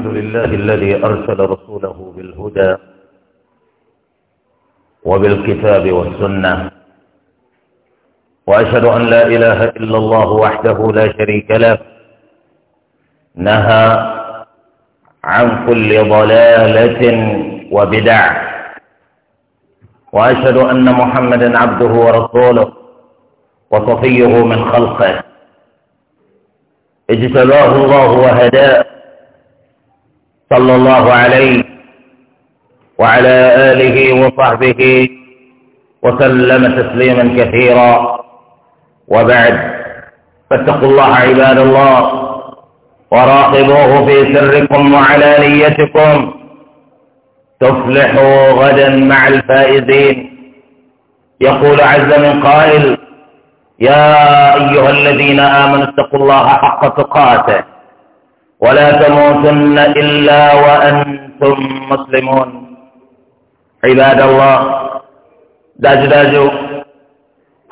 الحمد لله الذي أرسل رسوله بالهدى وبالكتاب والسنة وأشهد أن لا إله إلا الله وحده لا شريك له نهى عن كل ضلالة وبدع وأشهد أن محمدا عبده ورسوله وصفيه من خلقه اجتباه الله وهداه صلى الله عليه وعلى آله وصحبه وسلم تسليما كثيرا وبعد فاتقوا الله عباد الله وراقبوه في سركم وعلانيتكم تفلحوا غدا مع الفائزين يقول عز من قائل يا أيها الذين آمنوا اتقوا الله حق تقاته ولا تموتن إلا وأنتم مسلمون عباد الله داج داجو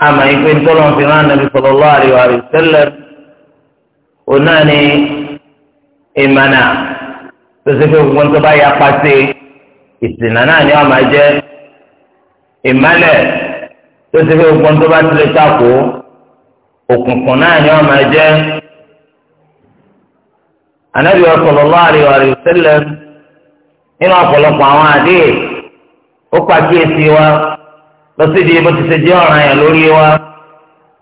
أما يكون كلهم في النبي صلى الله عليه وسلم وناني إمانا تسيكو كنت بايا قاسي ìsìnàná نعم wọn إمانا تسيكو كنت بايا تلتاكو وكنت بايا tó bá anabi sallallahu alaihi wa sallam nínú ọ̀pọ̀lọpọ̀ àwọn àdéhì ó pàkíyèsí wa lọ sí di bó ti ṣe jẹ́ ọ̀ràn yẹn lórí wa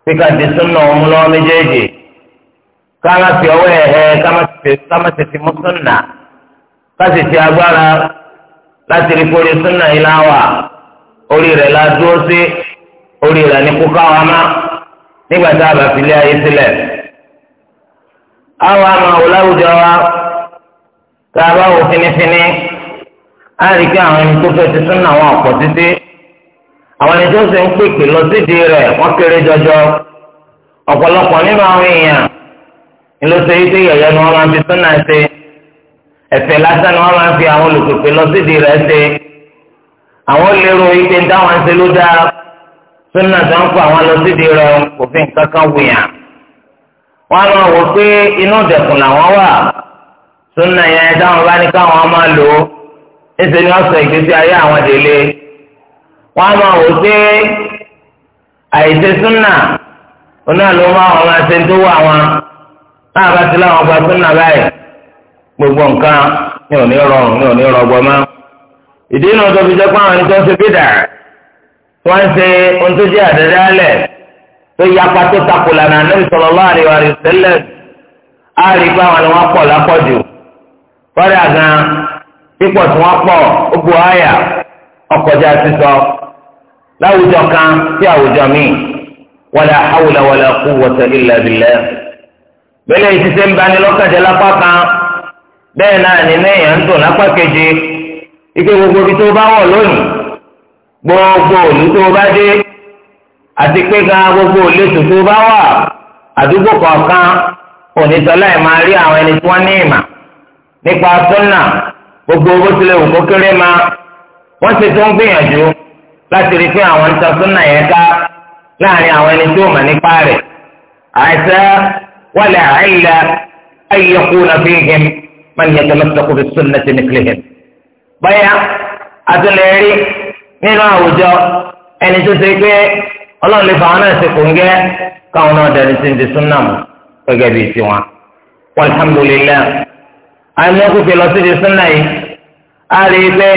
pé ká di súnà òun lọ́wọ́ méjèèjì ká má fi ọwọ́ ẹ̀ ẹ́ ká má tètè mú súnà ká sì ti agbára láti rí kórè súnà yìí láwà orí rẹ̀ la dúró sí orí rẹ̀ ní kúkà wa má nígbà tá a bá fi lé ayé sílẹ̀ àwọn àmọ́ òláwùjọ wa tá a bá wò finifini á rí pé àwọn ẹni tó fẹ́ ti sún àwọn ọ̀pọ̀ títí àwọn ẹni tó sì ń pèpè lọ sídìí rẹ̀ wọ́n kéré jọjọ ọ̀pọ̀lọpọ̀ nínú àwọn èèyàn ló ṣe yí pé yẹ̀yẹ́ ni wọ́n máa fi sún náà ṣe ẹ̀fẹ̀ lásán ni wọ́n máa fi àwọn olùpèpè lọ sídìí rẹ̀ ṣe àwọn lérò ìpè táwọn ṣe ló dáa sún náà tó ń kó àwọn lọ sídìí rẹ̀ òfin kankan wùyàn. wọn máa wò pé inú dẹkùn làwọn wà súnà yẹn táwọn bá ní káwọn máa lò ó ẹsẹ ni wọn sọ ìgbésí ayé àwọn délé wọn máa wò pé àìsè ló máa gbogbo nǹkan ní òní rọrùn ní òní rọgbọ mọ ìdí inú fi pé àwọn ẹni tó ń ṣe tó yá pátó takola na Nabi sallallahu alaihi wa sallam á rí pé ni wọ́n pọ̀ lápọ̀jù kọ́dà gan pípọ̀ tí wọ́n pọ̀ ó àyà sísọ láwùjọ kan sí àwùjọ míì wala hawla wala quwwata illa bẹ́lẹ̀ ìṣiṣẹ́ ń bani lápá kan bẹ́ẹ̀ náà ike gbogbo ibi tó bá wọ̀ gbogbo tó bá àti pé gan gbogbo ìletò tó bá wà àdúgbò kọ̀ọ̀kan onítọ́lá ẹ̀ máa rí àwọn ẹni tí wọ́n ní ìmà nípa súnà gbogbo owó tilẹ̀ wù kó kéré ma wọ́n ti tó gbìyànjú láti rí pé àwọn ń ta yẹn ká láàrin àwọn ẹni tí ó mà nípa rẹ̀ àìsẹ́ wọlé àìlẹ ayẹkú na fi hìm máa yẹ tẹlẹtẹkù fi súnà ti nìkìlì hìm. báyà àtúnlẹ̀ rí nínú àwùjọ ẹni tó ṣe pé ọlọ́run lè fa àwọn náà ṣe kò ń gẹ́ káwọn náà dẹni sí ti súnà mọ́ gẹ́gẹ́ bíi tiwọn. alhamdulilayi àmì ẹ̀kúfẹ́ lọ sí ti súnà yìí a rí i pé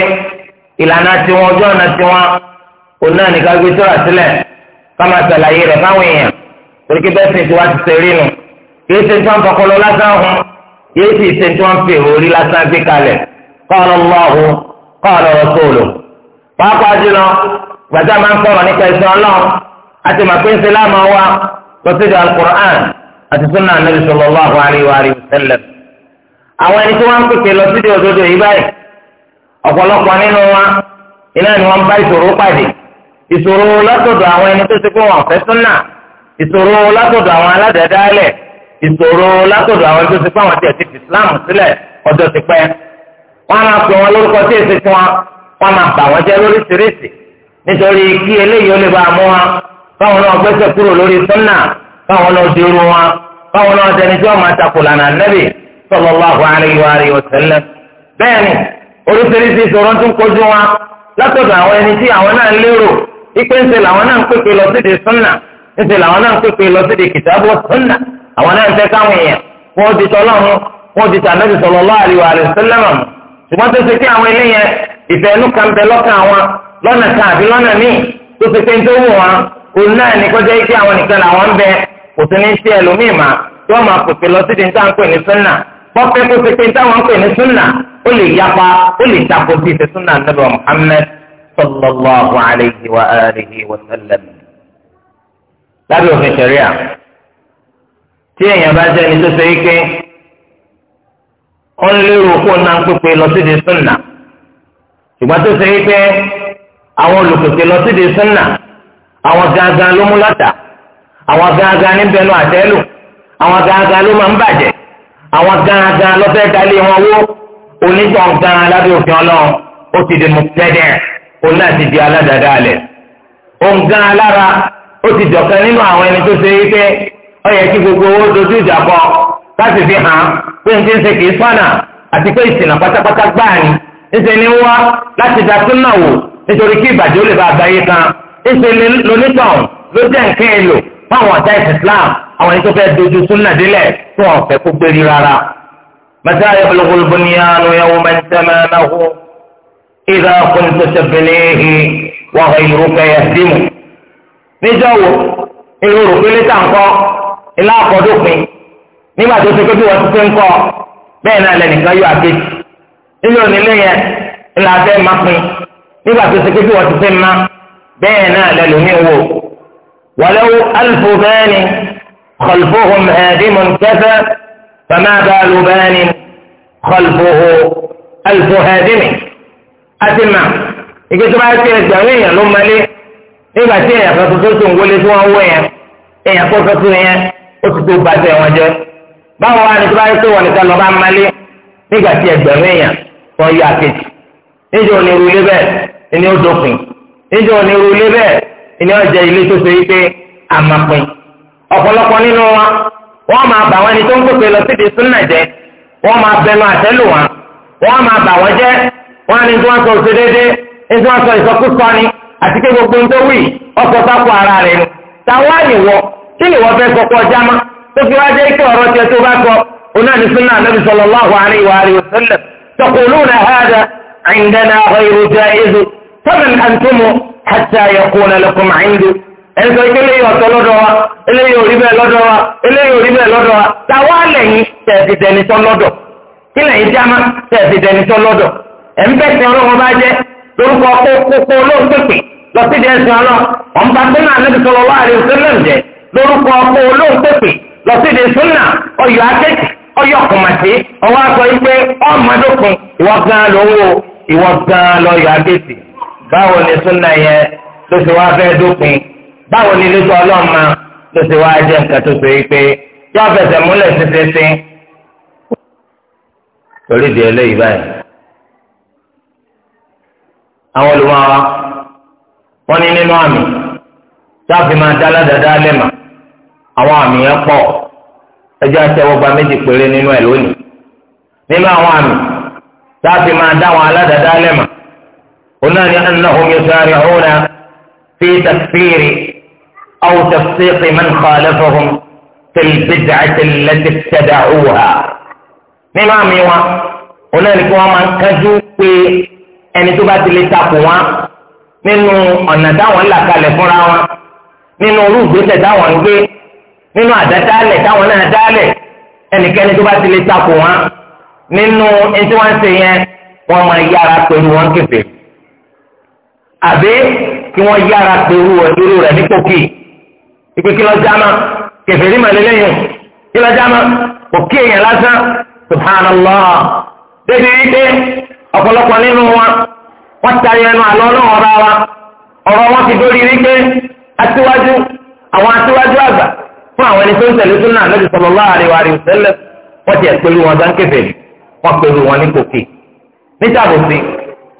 ìlànà tiwọn ọjọ́ ọ̀nà tiwọn òun náà nìkan gbé tó rà sílẹ̀ ká máa ṣàlàyé rẹ̀ fáwọn èèyàn torí bẹ́ẹ̀ sì ti wá ti ṣe rí nu kìí ṣe tí wọ́n fọkọlọ lásán hun kìí sì ṣe tí wọ́n fi òórí lásán gbé kalẹ̀ qala Allahu àti màpín sílámà wa lọsídìí alukur'an àti sunna anabi sallallahu alayhi wa sallam àwọn ẹni tí wọn ń pèsè lọsídìí òdodo yìí báyìí ọ̀pọ̀lọpọ̀ nínú wa iná ni wọ́n bá ìṣòro pàdé ìṣòro látọ̀dọ̀ àwọn ẹni tó ti kó wọn fẹ́ súnà ìṣòro látọ̀dọ̀ àwọn aládàádáálẹ̀ ìṣòro látọ̀dọ̀ àwọn tó ti kó àwọn tiẹ̀ ti fi Islam sílẹ̀ ọjọ́ ti pẹ́ wọ́n máa pè wọn lórúkọ tí èsì fún wa wọ́n máa bà wọ́n jẹ́ lóríṣiríṣi nítorí kí eléyìí ó lè bá a mú wa káwọn náà gbẹ́sẹ̀ kúrò lórí sunna káwọn náà di irun wọn káwọn náà dẹni tí wọn máa takò lànà nẹ́bì sallallahu alaihi wa alihi wa sallam. bẹ́ẹ̀ni oríṣiríṣi ìṣòro tún kojú wọn látọ̀dọ̀ àwọn ẹni tí àwọn náà lérò ipe ńṣe làwọn náà ń pèpè lọ síde sunna ńṣe làwọn náà ń pèpè lọ síde kìtàbù sunna àwọn náà ń fẹ́ káwọn èèyàn kó o di tọ́lọ́run kó o òun náà ní kọjá ike àwọn nìkan làwọn ń bẹ kò sí ní sí ẹlòmíì mà tí wọ́n máa pèsè lọ sídìí níta ń pè ní súnà pọ́pẹ́ kó ti pé níta pè ní súnà ó lè yapa ó lè dàpọ̀ bíi ti súnà nàbẹ̀ Muhammad sallallahu alayhi wa alihi wa sallam. lábẹ́ òfin ṣẹ̀ríà tí èèyàn bá jẹ́ ẹni tó ṣe ike ó ń lérò kó náà ń pèpè lọ sídìí súnà ṣùgbọ́n tó ṣe ike àwọn olùpèsè lọ sídìí súnà àwọn gangan ló mú lọ́tà àwọn gangan níbẹ̀ lọ àtẹ́lù àwọn gangan ló máa ń bàjẹ́ àwọn gangan ló fẹ́ dalé wọn wó onígbọ̀n gan lábẹ́ òfin ọlọ́run ó ti di mùtẹ́dẹ̀ òun náà ti di aládàáda alẹ̀ òun gan alára ó ti dọ̀kan nínú àwọn ẹni tó ṣe wípé ó kí gbogbo owó dojú ìjà kọ láti fi hàn pé n ti ń ṣe kì í sọ́nà àti pé ìsìnà pátápátá gbáà ni ń ṣe ní wá láti da súnà wò nítorí kí ìbàjẹ́ ó lè bá àgbáyé kan ìṣẹ̀lẹ̀ lónítàn ló jẹ́ nǹkan èlò fáwọn ọ̀tá ìsìlám àwọn ẹni tó fẹ́ dojú súnà délẹ̀ tó wọn fẹ́ kó gbérí rárá. mẹ́ta yablughu al-bunyanu yawman tamamahu idha kunta tabnihi wa ghayruka yahdimu. níjọ́ wo èrò rò pé létà ilá àkọ́dópin nígbà tó ṣe pé wọ́n ti ṣe ń kọ́ bẹ́ẹ̀ náà lẹ́nìkan yóò àgbèjì. nílò nílé yẹn ńlá fẹ́ máa pin nígbà tó ṣe pé wọ́n ti ṣe ń máa bẹ́ẹ̀ náà lẹ́lòmíì wò wàlẹ́wò alfu bẹ́ẹ̀ni kọlfóhùn ẹ̀ẹ́dìmọ̀ kẹfẹ́ fama baalu bẹ́ẹ̀ni kọlfóhù alfu ẹ̀ẹ́dìmì àti mà ike tó bá ti ẹgbẹ̀rún èèyàn ló mọ́lé nígbà tí èèyàn kan tuntun tó ń wọlé tí wọ́n wọ yẹn èèyàn kó tuntun yẹn ó ti tó ba tẹ̀ wọ́n báwo wá ní tó bá ti wọ̀ nìkan lọ́ba mọ́lé nígbà tí ẹgbẹ̀rún èèyàn wọ́n yọ àkejì níjọ́ onírúurú bẹ́ẹ̀ ni ó dópin. níjọ onírú ilé bẹ́ẹ̀ ilé ọjà ilé tó ṣe wípé àmàpin ọ̀pọ̀lọpọ̀ nínú wa wọ́n máa bà wọ́n ẹni tó ń pèpè lọ síbi súnà jẹ́ wọ́n máa bẹnu àtẹ́lù wọn wọ́n máa bà wọ́n jẹ́ wọ́n faman antum hatta yakuna lakum indi ẹnso eléyìí ọ̀tọ̀ lọ́dọ̀ wa eléyìí ò rí bẹ́ẹ̀ lọ́dọ̀ wa eléyìí ò rí bẹ́ẹ̀ lọ́dọ̀ wa tàwa lẹ́yìn tẹ̀sí dẹni tọ́ lọ́dọ̀ kí lẹ́yìn jáma tẹ̀sí dẹni lọ́dọ̀ ẹ̀ ń bẹ́sẹ̀ ọlọ́wọ́ bá jẹ́ lórúkọ kókó olóńpèpè lọ sí dẹ́sẹ̀ ọlọ́ ọ̀n bá súnà níbi báwo ni súnà yẹn tó ṣe wá fẹ́ dópin báwo ni ilé tó ọlọ́mọ tó ṣe wá jẹ́ nǹkan tó ṣe yí pé yọ fẹsẹ̀ múlẹ̀ ṣinṣinṣin torí di eléyìí báyìí àwọn olùmọ̀wá wọn ní nínú àmì sáfì máa dá ládàá lẹ́mà àwọn àmì yẹn pọ̀ ẹjọ́ àtẹwọ́gba méjì péré nínú ẹ̀ lónìí nínú àwọn àmì sáfì máa dá àwọn aládàá lẹ́mà. هناك أنهم يسارعون في تكفير أو تفسيق من خالفهم في البدعة التي ابتدعوها nínú àmì wa ọ̀nà ìlú wa máa ń kájú pé ẹni tó bá ti lè takò wá nínú ọ̀nà táwọn là kalẹ̀ fúnra wa nínú orú ìgbésẹ̀ táwọn ń gbé nínú àdádálẹ̀ táwọn náà dálẹ̀ ẹnikẹ́ni tó bá ti lè takò wá nínú ẹni tí ń ṣe yẹn wọ́n máa yára pẹ̀lú wọn kẹfẹ́ àbí kí wọ́n yára pé irú irú rẹ̀ ní kòkì ìpè kí lọ jáma kẹfẹ́rí màlẹ́lẹ́yìn kí lọ jáma kòkì èèyàn lásán subhanallah débi wípé ọ̀pọ̀lọpọ̀ nínú wa wọ́n tayọ ẹnu àlọ́ náà ọ̀rọ̀ wa ọ̀rọ̀ wọn ti dórí wípé aṣíwájú àwọn aṣíwájú àgbà fún àwọn ẹni tó ń tẹ̀lé súnà lọ́dún sallallahu alaihi wa sallam wọ́n ti ẹ̀pẹ́lú wọn sáńkẹ́fẹ́ wọ́n pẹ̀lú wọn ní kòkì níta àbòsí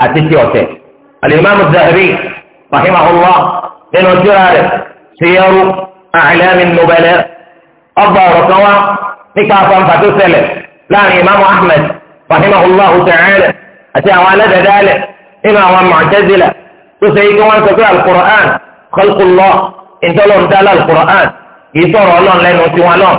àti ti ọ̀tẹ̀ alimami zahabi rahimahullah nínú tírà rẹ̀ siyaru a'lami nubala ọgbà ọ̀rọ̀ kan wá nípa afọnfà tó ṣẹlẹ̀ láàrin imaamu ahmed rahimahullah ta'ala àti àwọn alẹ́dẹ̀dálẹ̀ nínú àwọn mu'tazila tó ṣe yí kí wọ́n sọ pé alukur'an khalqullah ìtọ́lọ́ndálá alukur'an kì í sọ̀rọ̀ ọlọ́run lẹ́nu tiwọn náà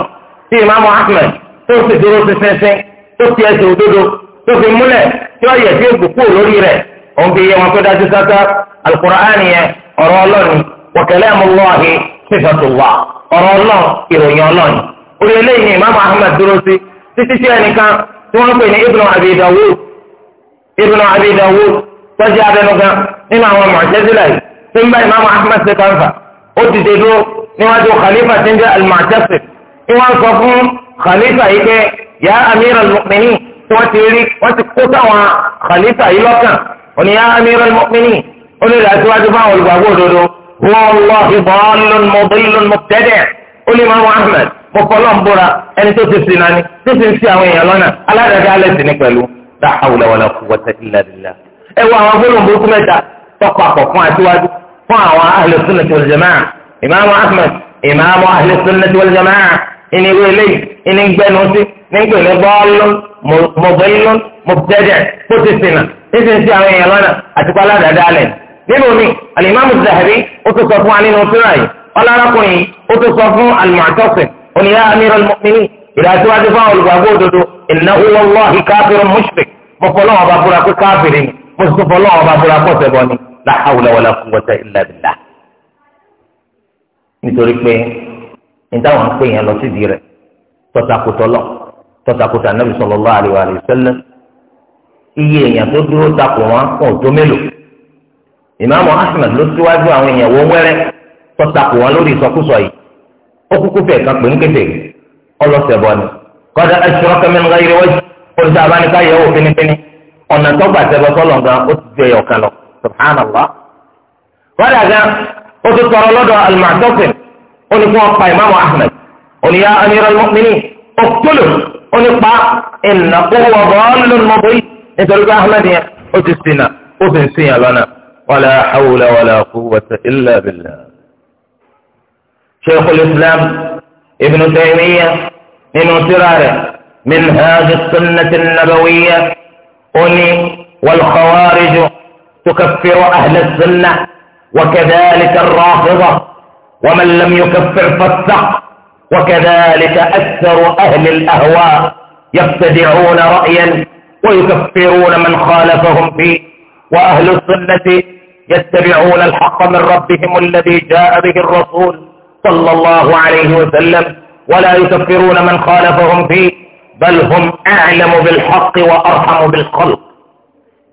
tí imaamu ahmed tó ti dúró sísẹ́sẹ́ tó ti ẹsẹ̀ òdodo tó fi múlẹ̀ tí ó yẹ sí ègbò kúrò lórí rẹ̀ òun fi yé wọn pé dájú sáká alukur'ani yẹn ọ̀rọ̀ ọlọ́ni wa kalamullahi sifatullah ọ̀rọ̀ ọlọ́n ìròyìn ọlọ́ni. orí eléyìí ni imaamu ahmed dúró sí títí tí ẹnìkan tí wọ́n ń pè ní ibnu abi dawud ibnu abi dawud tọ́jú abẹnugan nínú àwọn mu'tazila yìí tí ń bá imaamu ahmed ṣe kànfà ó dìde dúró níwájú khalifa tí ń jẹ́ al-mu'tasim wọ́n sọ fún khalifa yìí pé ya amir al tí wọ́n ti rí wọ́n ti kó sáwọn khalifa yìí lọ́kàn òní amíràn mọ́kínì olórí àtiwájú fáwọn olùgbàgbọ́ òdodo wọ́n lọ ìbọn mọ́bílùn mọ́tẹ́dẹ̀ olè máa wọ́n ahmed mọ́kànlọ́ ń bóra ẹni tó ti sin nani tó ti ń sin àwọn èèyàn lọ́nà aládàáda alẹ́ sì ní pẹ̀lú la hawla wala quwwata illa billah ẹ wọ àwọn gbólóhùn burúkú mẹ́ta tọpapọ̀ fún àtiwájú fún àwọn ahlu sunnati wal jamaa ìmáàmù ahmed ìmáàmù ahlu sunnati wal jamaa ìní ìwé eléyìí ìní gbẹnu sí ní gbẹ̀lẹ́ bọ́ọ̀lù mọ̀bẹ́lù mọ̀tẹ́dẹ̀ tó ti sin ẹsẹ̀ ń ṣe àwọn èèyàn lọ́nà àti pálá dáadáa lẹ̀ nínú mi alimami zahabi ó tó sọ fún wa nínú tíra yìí ọlọ́rọ̀kùnrin ó tó sọ fún alimọ̀tọ́sìn oníyà amir al-mu'minin ìdásíwájú fáwọn olùgbàgbọ́ òdodo innahu wallahi káfírin mushrik mo fọlọ́ ọba búra pé káfírin mo sì tún fọlọ́ ọba búra pọ̀ sẹ́bọ̀ ni la hawla wala quwwata illa nítorí pé nítawọn pé yẹn lọ sídìí rẹ̀ tọ́takùtọ́lọ́ tọ́takùtà nàbì sallallahu alaihi iye èèyàn tó dúró takò wọn kò tó mélòó ìmáàmù ahmed ló síwájú àwọn èèyàn wọ́n wẹ́rẹ́ tó takò wọn lórí ìsọkúsọ yìí ó kúkú fẹ̀ kan pè ń kété ọlọ́sẹ̀ bọ́ ni kọ́dà ẹ̀ṣọ́ kẹ́mẹ́nu ká yẹwọ́ olùsọ abáníká yẹwò fínífíní ọ̀nà tọ́gbà tẹ́bọ̀ sọ́lọ̀ gan ó ti jẹ́ ọ̀kan lọ subhanallah kọ́dà gan ó ti tọrọ lọ́dọ̀ alimọ̀tọ́fẹ̀ ó ní kí wọ́n pa ìmáàmù ahmed oníyá amírọ̀lmọ́mìnì ó kúlù ó ní pa ìnà owó ọ̀bọ̀ ọ̀lùmọ̀bọ̀yì nítorí pé ahmed yẹn ó ti sinà ó fi ń sinyàn lọ́nà wàlá hawla wàlá quwwata illa billah. sheikhul islam ibn taymiya nínú tírà rẹ̀ منهاج السنة النبوية أني والخوارج تكفر أهل السنة وكذلك الرافضة ومن لم يكفر فالسق وكذلك أكثر أهل الأهواء يبتدعون رأيا ويكفرون من خالفهم فيه وأهل السنة يتبعون الحق من ربهم الذي جاء به الرسول صلى الله عليه وسلم ولا يكفرون من خالفهم فيه بل هم أعلم بالحق وأرحم بالخلق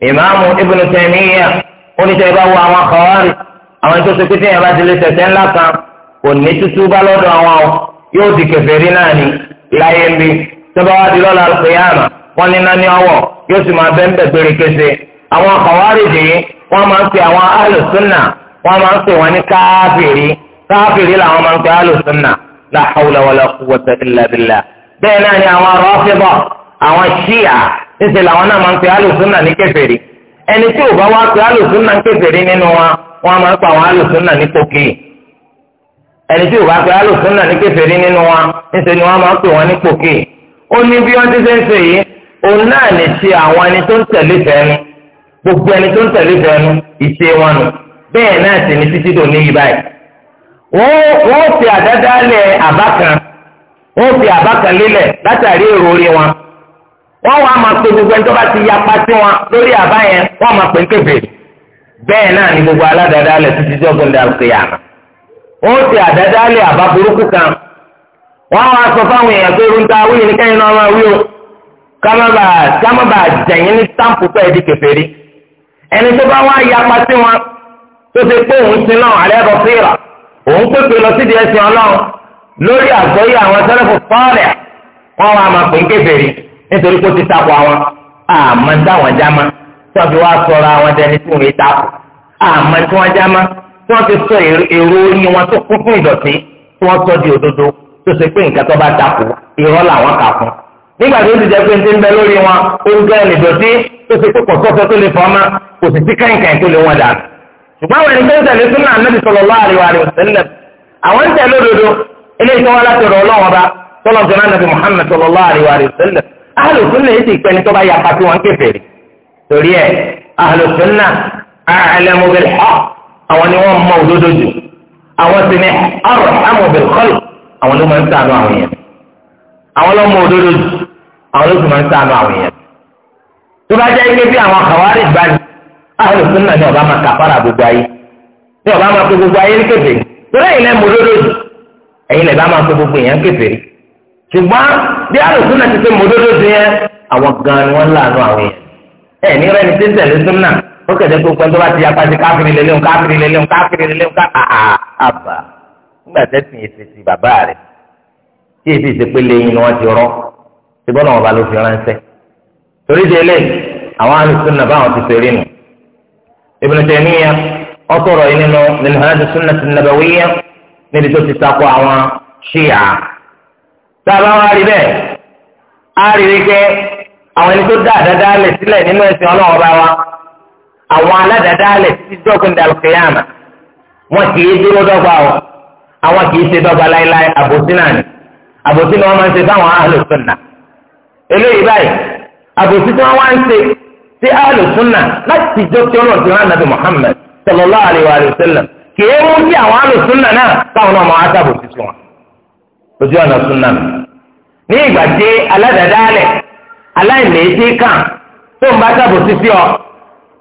إمام ابن تيمية قلت إباو أما خوارج أما أنتو سكتين أما تلتتين لك ونيتو سوبا لدو أما يوتي كفرناني لا ينبي تبعاد لولا القيامة wọ́n ní nání ọwọ́ yóò sì máa bẹ́ẹ̀ bẹ́ẹ̀ gbére kése àwọn kọ̀wárìdì wọ́n máa ń pè àwọn alùsùnà wọ́n máa ń pè wọ́n ní káfìrí káfìrí làwọn máa ń pè alùsùnà la hawla wala quwwata illa billah bẹ́ẹ̀ náà ni àwọn rọ́fíbọ̀ àwọn ṣíà níṣẹ́ làwọn náà máa ń pè alùsùnà ní kèfèrí ẹni tí ò bá wá pè alùsùnà ní kèfèrí nínú wa wọ́n máa ń pè àwọn alùsùnà ní pòkì òun náà lè ṣe àwọn ẹni tó ń tẹ̀lé fẹ́nu gbogbo ẹni tó ń tẹ̀lé fẹ́nu ìṣe wọn nù bẹ́ẹ̀ náà sì ni títí dò ní ibà yìí. wọ́n fi àdáda lẹ̀ àbá kan wọ́n fi àbá kan lélẹ̀ látàrí èrò orí wọn. wọ́n wá máa pe gbogbo ẹni tó bá ti yapa sí wọn lórí àbá yẹn wọ́n máa pè ń ni gbogbo aládàáda lẹ̀ títí tí ọgbọ́n dà sí wọ́n fi àdáda lẹ̀ àbá burúkú kan. wọ́n wá sọ fáwọn èèyàn pé wíyìn náà máa wí kámábà kámábà jẹ̀yìn ní sáǹpù pé ẹ̀dí kẹfẹ́rí ẹni tó bá wá yapa sí wọn tó ti pé òun sin náà alẹ́ bọ̀ fíra òun pépè lọ sídìí ẹ̀sìn ọlọ́run lórí àgbọ́yé àwọn sẹ́lẹ̀fù fọ́ọ̀rẹ̀ wọn wá máa pè ń kẹfẹ́rí nítorí kó ti takò àwọn àmọ́ táwọn jámá tó fi wá sọ̀rọ̀ àwọn dẹni tí wọ́n takò àmọ́ tí wọ́n jámá tí wọ́n ti sọ èrò orí wọn tó kún fún ìdọ̀tí tí wọ́n sọ di òdodo tó ṣe pé nǹkan tó bá takò irọ́ làwọn kà fún un nígbà tó ti jẹ pé ti ń bẹ lórí wọn oúnjẹ ìdọ̀tí tó ti kó pọ̀sọ́sọ́ tó lè fọ́mọ́ kò sì sí kẹ̀kẹ́ tó lè wọn dà. ṣùgbọ́n àwọn ènìyàn tẹ̀lé súnà anábì sallallahu alaihi wasallam àwọn ń tẹ̀lé òdodo eléyìí tó wá láti rọ̀ ọlọ́wọ́n bá tọ́lọ̀ jọ náà nàbì Muhammad sallallahu alaihi wasallam ahlu sunna yìí ti pẹ́ ní tó bá yapa àwọn ló sì máa ń sànù àwọn èèyàn. tó bá jẹ́ ike bí àwọn àwárí ìgbani àwọn òfin náà ni ọba máa kàfàrà gbogbo ayé ni ọba máa fi gbogbo ayé kéfè torí ẹ̀yin lẹ́ mú lódòdì ẹ̀yin lẹ́ bá máa fi gbogbo èèyàn kéfè ṣùgbọ́n bí àwọn òfin náà ti fi mú lódòdì yẹn àwọn gan ni wọ́n láàánú àwọn èèyàn ẹ̀ ní rẹ́ni tí ń tẹ̀lé súnmọ́ ó kẹ̀dẹ́ gbogbo ẹni tó bá ti yapa sí káfírin lélẹ́hùn káfírin lélẹ́hùn káfírin lélẹ́hùn káfírin síbọ̀ náà wọn bá ló fi ránṣẹ́ torí di eléyìí àwọn alùsùnà báwọn ti fèrè nù Ibn Taymiyyah ọsọrọ yìí nínú minhaj sunnah an-nabawiyyah níbi tó ti takò àwọn ṣíà sábà wá rí bẹ́ẹ̀ á rí rí pé àwọn ẹni tó dá àdáda lẹ̀ sílẹ̀ nínú ẹ̀sìn Ọlọ́run bá wa àwọn aládàáda lẹ̀ sí dọkùn dàlùkìyàmà wọn kì í dúró dọ́gba o àwọn kì í ṣe dọ́gba láéláé àbòsí ni àbòsí wọn máa ń ṣe fáwọn alùsùnà. eléyìí báyìí àbòsí tí wọ́n wá ń ṣe sí alùsùnà láti jọ tí ti rán nàbì Muhammad sallallahu alaihi wa sallam kì í mú sí àwọn alùsùnà náà káwọn náà máa sábòsí sí wọn ọ̀nà súnà mi. ní ọ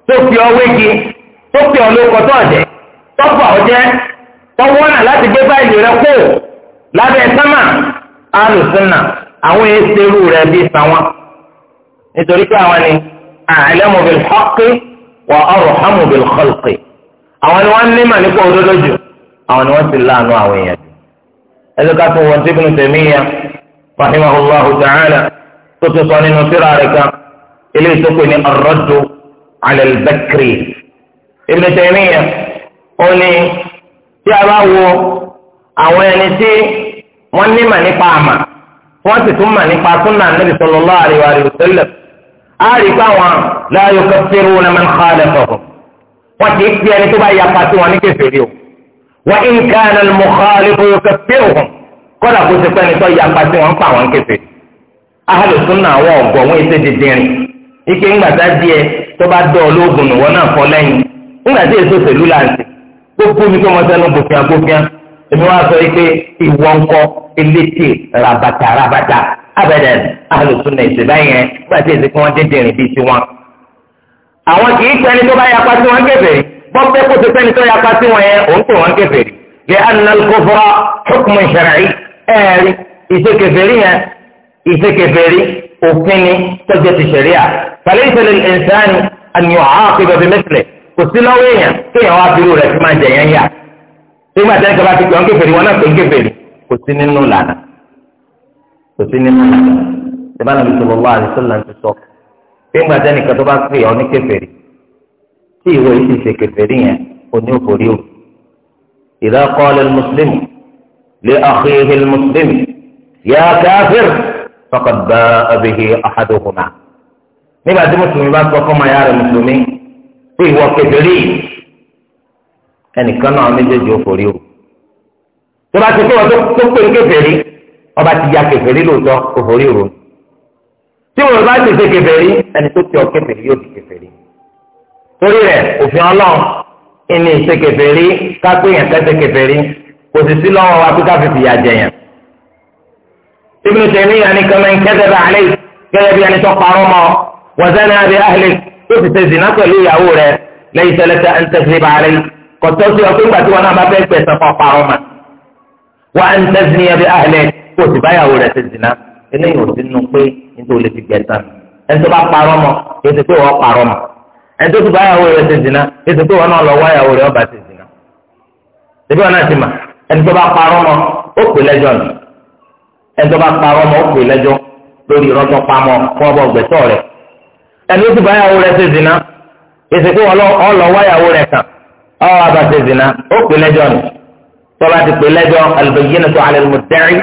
tó fi ọ wégi tó fi ọ lóko tó ọ̀jẹ̀ tó fọ ọ jẹ́ tó láti gbé báyìí rẹ kó àwọn eṣerú rẹ̀ bíi sàwọn nítorí pé àwọn ni a'lamu bil haqqi wa arhamu bil khalqi àwọn ni wọ́n ní mà nípa òdodo jù àwọn ni wọ́n ti láàánú àwọn èèyàn jù ẹlẹ́ka tó wọ́n ti Ibn Taymiyyah rahimahullahu ta'ala tó ti sọ nínú síra rẹ̀ kan ilé ìtòkò ní ar-raddu 'ala ó ní tí a bá wo àwọn ẹni tí wọ́n ní mà nípa àmà wọ́n sì tún mà nípa súnà nàbì sallallahu alaihi wa sallam á rí pé àwọn la yukaffiruna man khalafahum wọ́n ti pè ẹni tó bá yapa sí wọn ní kèfèrí o wa in kana al-mukhalifu yukaffiruhum kọ́dà kó ti pẹ́ ẹni tó yapa sí wọn pa àwọn kèfèrí ahlu sunna àwọn ọ̀gọ̀ wọn ètè dídìrín ike ńgbàtà díẹ̀ tó bá dọ̀ ológun nìwọ náà fọ lẹ́yìn ńgbàtà èmi wá sọ pé ìwọ ńkọ́ elétè rabata rabata abẹ́dẹ̀n alùpùpù náà ìṣẹ̀lẹ̀ yẹn gbàtí èsì kí wọ́n dé dèrè bíi tiwọn. àwọn kì í sẹ́ni tó bá yapa sí wọn kèfèrí bọ́pẹ́ kó ti sẹ́ni tó yapa sí wọn yẹn òun pè wọn kèfèrí. lè anal kófúra hukmun shar'i ẹ̀ẹ́rì ìṣèkèfèrí yẹn ìṣèkèfèrí òfin ni tọ́jú ti ṣẹ̀ríà. falaysa lil insani an yu'aqiba bimithlihi kò sí lọ́wọ́ nígbà tí ẹnìkan bá ti pè ọ́n kèfèrí wọn náà pè ń kèfèrí kò sí nínú lànà kò sí nínú lànà ìbáná bí sọlọ wà àdìsọ là ń ti sọ pé ńgbà tí ẹnìkan tó bá pè ọ́ ní kèfèrí tí ìwé yìí ti ṣe kèfèrí yẹn kò ní òfòrí o ìdá kọ́lẹ̀ mùsùlùmí lé àkèéhé mùsùlùmí yá káfíìr fọkàn bá abèhé àhàdùkùnà nígbà tí mùsùlùmí bá sọ fún mayá rẹ mùsùlùmí pé ìwọ kèfèrí yìí ẹnìkan náà méjèèjì ó forí o tó bá ti pé wọn tó pé ní kèfèrí ọba ti ya kèfèrí lóòótọ́ ó forí o tí wọn bá ti ṣe kèfèrí ẹni tó ti ọ kèfèrí yóò di kèfèrí torí rẹ̀ òfin Ọlọ́run ìní ṣe kèfèrí kápé yẹn kẹsẹ kèfèrí kò sì sí lọ́wọ́ wa pé ká fi jẹ yẹn Ibn Taymiyyah ni kama in kadhaba alayk gẹ́gẹ́ bí ẹni tó parọ́ mọ́ wa zana bi ahlik tó fi ṣe zina pẹ̀lú ìyàwó rẹ̀ laysa laka an takdhiba alayk kọtọ sí ọ pé gbàtí wọn náà bá fẹẹ gbẹsẹ fún ọpa ọmọ wa ń tẹsí ní ẹbí ahlẹ kó o sì báyàwó rẹ ti dìnnà eléyìí ò sí nínú pé nítorí o lè fi gbẹsẹ ẹni tó bá parọ́ mọ́ kí ẹsẹ pé wọn parọ́ mọ́ ẹni tó sì báyàwó rẹ ti dìnnà kí pé wọn náà lọ wáyàwó rẹ ọba ti dìnnà ẹbí wọn náà ti mà ẹni tó bá parọ́ mọ́ ó pè lẹ́jọ́ nù ẹni tó bá parọ́ mọ́ ó pè lẹ́jọ́ lórí ìrọ́tọ́ pamọ́ fún ọbọ̀ gbẹ̀tọ́ rẹ ẹni tó sì báyàwó rẹ ti dìnnà kí pé wọn lọ ọwọ́ abàṣẹ zina ó pè lẹ́jọ́ ni tọ́ba ti pè lẹ́jọ́ albayyinatu ala al-mudda'i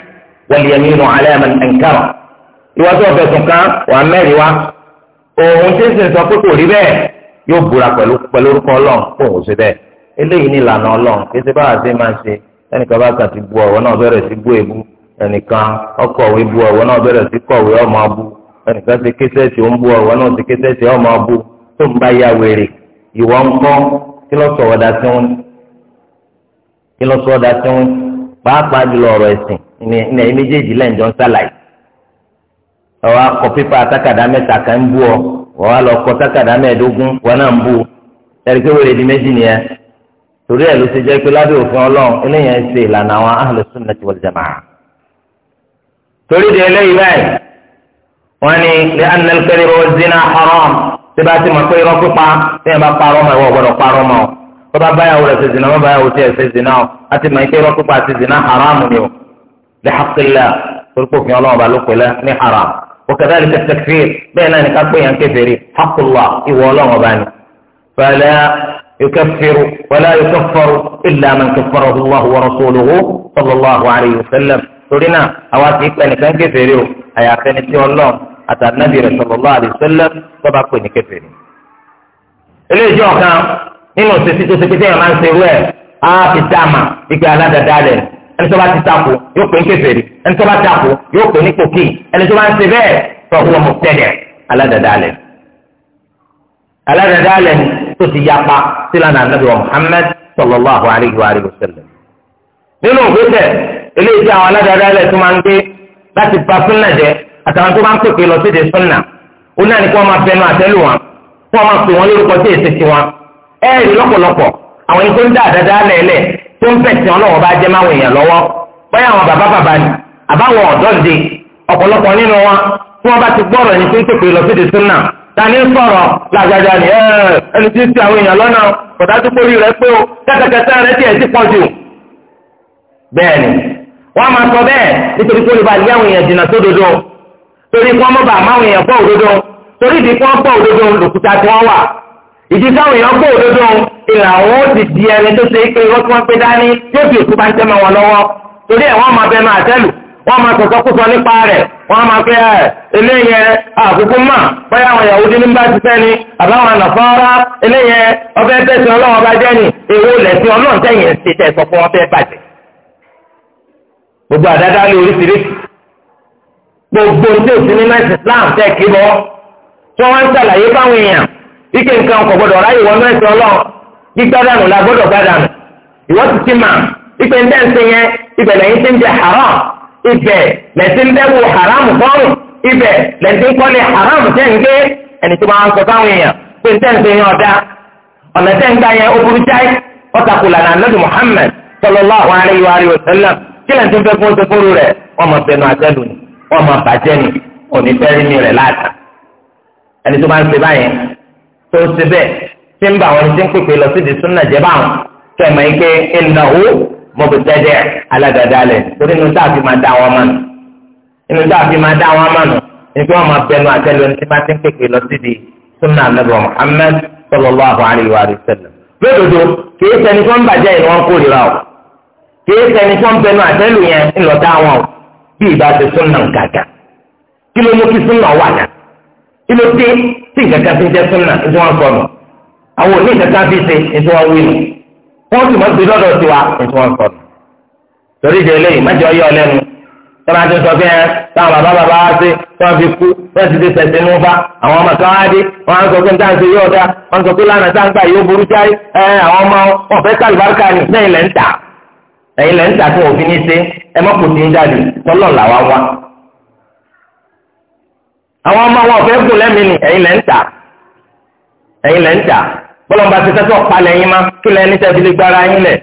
wal-yaminu ala man ankara ìwà tó fẹ̀sùn kan wà mẹ́rin wa òun ti sìn sọ pé kò rí bẹ́ẹ̀ yóò búra pẹ̀lú pẹ̀lú orúkọ ọlọ́run kó òun ṣe bẹ́ẹ̀ eléyìí ni ìlànà ọlọ́run kí ṣe báwa ṣe máa ṣe ẹnìkan bá kàn ti bu ọ̀wọ́ náà bẹ̀rẹ̀ sí bú èbú ẹnìkan ọkọ̀wé bu ọ̀wọ́ náà bẹ̀rẹ̀ sí kọ̀wé ọmọ abú ẹnìkan ti kéṣẹ́ tí ó ń bu ọ̀wọ́ náà ti kéṣẹ́ tí ọmọ abú tó ń bá ya wèrè ìwọ ń kọ́ kí lọ sọ ọdà sí wọn pàápàá jùlọ ọ̀rọ̀ ẹ̀sìn ní ẹ̀yìn méjèèjì ọwọ́ akọ mẹ́ta kan ń bú ọ wọ́n lọ kọ tákàdá mẹ́ẹ̀ẹ́dógún wọn náà ń bú di méjì nìyẹn torí ẹ̀ ló ṣe jẹ́ pé lábẹ́ òfin ọlọ́run eléyìí ń ṣe ìlànà àwọn ahlu sunnati wal jamaa torí de eléyìí báyìí tẹ́bá ti mọ̀ pé irọ́ pípa tẹ́yìn bá parọ́ mọ́ ìwọ gbọ́dọ̀ parọ́ mọ́ ọ tó bá báyàwó rẹ̀ ṣe zina wọ́n báyàwó tiẹ̀ ṣe zina ọ àti mọ̀ pé irọ́ pípa ṣe zina haram ni o lè hakilá torípò fi ọlọ́wọ́ bá ló pè lẹ́ ní haram òkèdè lè tẹ̀sẹ̀ fi bẹ́ẹ̀ náà ní ká pé yàn kèfèrí hakilá ìwọ ọlọ́wọ́ bá ní. fẹlẹ yukẹfẹru wẹlẹ yukẹfẹru àtànàbì rẹ̀ sallallahu alaihi wasallam tó bá pè ní kèfèrí. eléyìí ọ̀kan nínú ṣèṣì tó ṣe pété yẹn máa ń ṣe wẹ́ẹ̀ á fi dáàmà ìgbà aládàáda rẹ̀ ẹni tó bá ti takò yóò pè ní kèfèrí ẹni tó bá takò yóò pè ní kòkì ẹni tó bá ń ṣe bẹ́ẹ̀ tó wọ́n mú tẹ́lẹ̀ aládàáda rẹ̀ aládàáda rẹ̀ tó ti yapa sílànà ànábì wa Muhammad sallallahu alaihi àwọn aládàáda rẹ̀ tó àtàwọn tó bá ń pèpè lọ síde sọ́nà ó náà ní kí wọ́n máa fẹnu àtẹ́lù wọn kí wọ́n máa pè wọ́n lórúkọ tí èsì tiwọn ẹ rí lọ́pọ̀lọpọ̀ àwọn ẹni tó ń dá àdáda lẹ́lẹ̀ tó ń fẹ̀sìn ọlọ́wọ́ bá jẹ́ máwọn èèyàn lọ́wọ́ bóyá àwọn bàbá bàbá ni àbáwọn ọ̀dọ́ de ọ̀pọ̀lọpọ̀ nínú wọn tí wọ́n bá ti gbọ́rọ̀ ẹni tó ń pèpè lọ síde torí kí mọba mọ̀ bá bọ èèyàn òdodo torí ìdí kí wọ́n gbọ́ òdodo lòkúta tí wà ìdí táwọn èèyàn òdodo di ẹni tó ṣe pé wọ́n ti wọ́n pé dání yóò fi òkú bá ń tẹ́mọ̀ wọn lọ́wọ́ torí ẹ̀ wọ́n máa bẹ máa tẹ́lù wọ́n máa sọ̀tọ́ kó sọ nípa máa eléyẹ àkókò ní bá ti àbáwọn eléyẹ gbogbo ní òsínú mẹ́sì islam tẹ̀ kí bọ́ tí wọ́n ń sàlàyé fáwọn èèyàn ike nǹkan kò gbọdọ̀ ráyè wọ mẹ́sì ọlọ́run gbígbá dànù la gbọdọ̀ gbá dànù ìwọ ti ti mà ike ń dẹ́nse yẹn ibẹ̀ lẹ́yìn ti ń jẹ haram ibẹ̀ lẹ́sí ń dẹ́wò haram fọ́ọ̀rùn ibẹ̀ lẹ́sí ń kọ́lé haram tẹ̀ ń gbé ẹni tí wọ́n á sọ fáwọn èèyàn pé ń dẹ́nse yẹn ọ̀dà ọ̀nà tẹ̀ ń gbá yẹn ó burú jáì ọ̀tàkùlà nà nàdù wọn máa bàjẹ́ ni òní fẹ́rí mi rẹ̀ láàtà ẹni tó bá ń ṣe báyẹn tó ṣe bẹ́ẹ̀ tí ń bá wọn ti ń pèpè lọ sí ìdìsún náà jẹ́ báwọn tó ẹ̀ mọ̀ yín pé ìnáwó mọ̀bùtẹ́dẹ́ alágàdá lẹ̀ torí inú tá a fi máa dá wọn mọ̀nà inú tá a fi máa dá wọn mọ̀nà ni pé wọn máa bẹnu àtẹ́lu ẹni tí bá ti ń pèpè lọ sí ìdì sunna anabi muhammed sallallahu alayhi wa sallam lódodo kì í ṣẹni tó ń bàjẹ́ ìlú wọn kórìíra o kì í ṣẹni tó ń bẹnu àtẹ́lu yẹn ńlọ dá wọn o bí ìbá ti súnà gàgà kí ló mú kí súnà wà náà kí ló dé tí ìkàkà ti jẹ súnà tí wọn sọnù àwọn òní ìkàkà fi ṣe ètò wọn wí nù wọn sì mọ sí lọ́dọ̀ tiwa ètò wọn sọnù torí ìdè eléyìí má jẹ ọyẹ ọlẹnu tọ́lá ti sọ fẹ́ táwọn bàbá bàbá wá sí tọ́wọ́n fi kú wọ́n ti ti tẹ̀sí inú fa àwọn ọmọ kan wá dé wọ́n á sọ pé níta ń ṣe yóò dá wọ́n sọ pé lánàá sáńgbà yóò burú jáì ẹ̀ àwọn ọmọ wọn fẹ́ sàlùbáríkà ní lẹ́yìn lẹ́ńtà. ẹ̀yin lẹ́yìn tí a òfin ní ṣe ẹ má kò làwa wá. àwọn ọmọ wọn ni ti sẹ́sọ̀ palẹ̀ yín má kí lẹ́yìn ní tẹ́tí lè gbára yín lẹ̀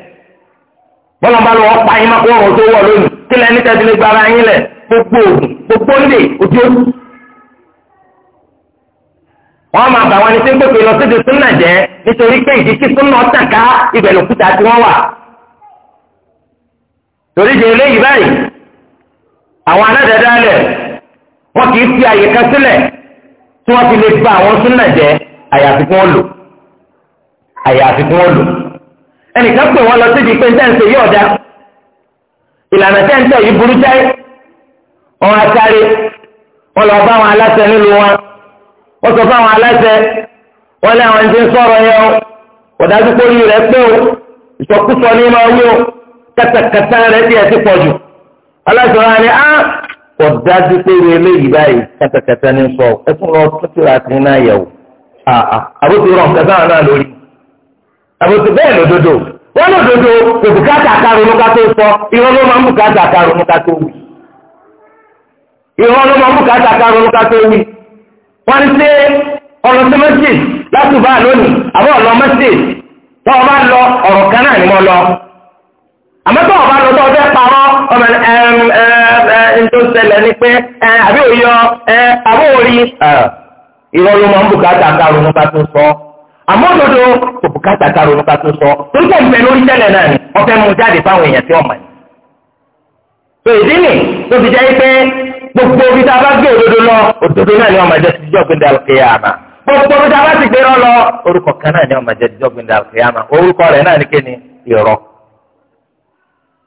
bọ́lọ̀mbà lọ wọ́n pa yín má kó ọ̀rọ̀ tó wọ̀ lónìí kí lẹ́yìn ní lè gbára yín gbogbo ojú máa torí de eléyìí báyìí àwọn aládàádáalẹ̀ wọn kì í fi àyè kan sílẹ̀ tí wọ́n fi lè gba àwọn súnà jẹ àyàfi kí wọ́n lò àyàfi kí wọ́n lò ẹnìkan pè wọ́n lọ sí di pé ń tẹ̀sẹ̀ yí ọ̀dà ìlànà tẹ́ǹtẹ̀ yìí burú jáì wọn asáré wọn lọ bá àwọn aláṣẹ nílùú wọn wọn sọ fún àwọn aláṣẹ wọn lé àwọn ẹni tí ń sọ̀rọ̀ yẹn o kò dájú pé rẹ pé o ìsọkúsọ ní ma wí o kẹtẹkẹtẹ rẹ̀ díẹ̀ ti pọ̀ jù aláṣọra ni á kò dájú pé irú eléyìí báyìí kẹtẹkẹtẹ ní sọ ẹ tún lọ tún ti ra sí náà yẹ̀wò àbótí rọ kẹtẹ náà lórí àbótí bẹ́ẹ̀ lódodo wọn lódodo kò bùkátà karùnún ká tó sọ irọ́ ló máa ń bùkátà karùnún ká tó wù irọ́ ló máa ń bùkátà karùnún ká tó wù wọn ní sẹ ọ̀rọ̀ sí mẹ́sìtì láti bá lónìí àbọ̀ ọ̀lọ́ mẹ́sìtì tọ́ ni mo àmọ́ tó ọba lọ tó ọjọ́ parọ́ ọmọ ẹ ẹ ẹ ń tó ṣẹlẹ̀ ni pé ẹ àbí òyọ ẹ àbí òrí irọ́ ló máa ń bùkátà kárò nípa tó sọ àmọ́ òdodo kò bùkátà kárò nípa tó sọ torí pé ìfẹ́ lórí tẹ́lẹ̀ náà ni ọ̀fẹ́ mu jáde fáwọn èèyàn tí ọ̀mà ni. tó ìdí nì tó fi jẹ́ pé gbogbo ibi tá a bá gbé òdodo lọ òdodo náà ni ọmọ jẹ́ ti jọ́ gbẹ̀dẹ̀ àlùkìyàmà gbogbo ibi tá a bá ti gbé rọ́ lọ orúkọ kan náà ni ọmọ jẹ́ ti jọ́ gbẹ̀dẹ̀ àlùkìyàmà orúkọ rẹ̀ náà ni kéde ìrọ̀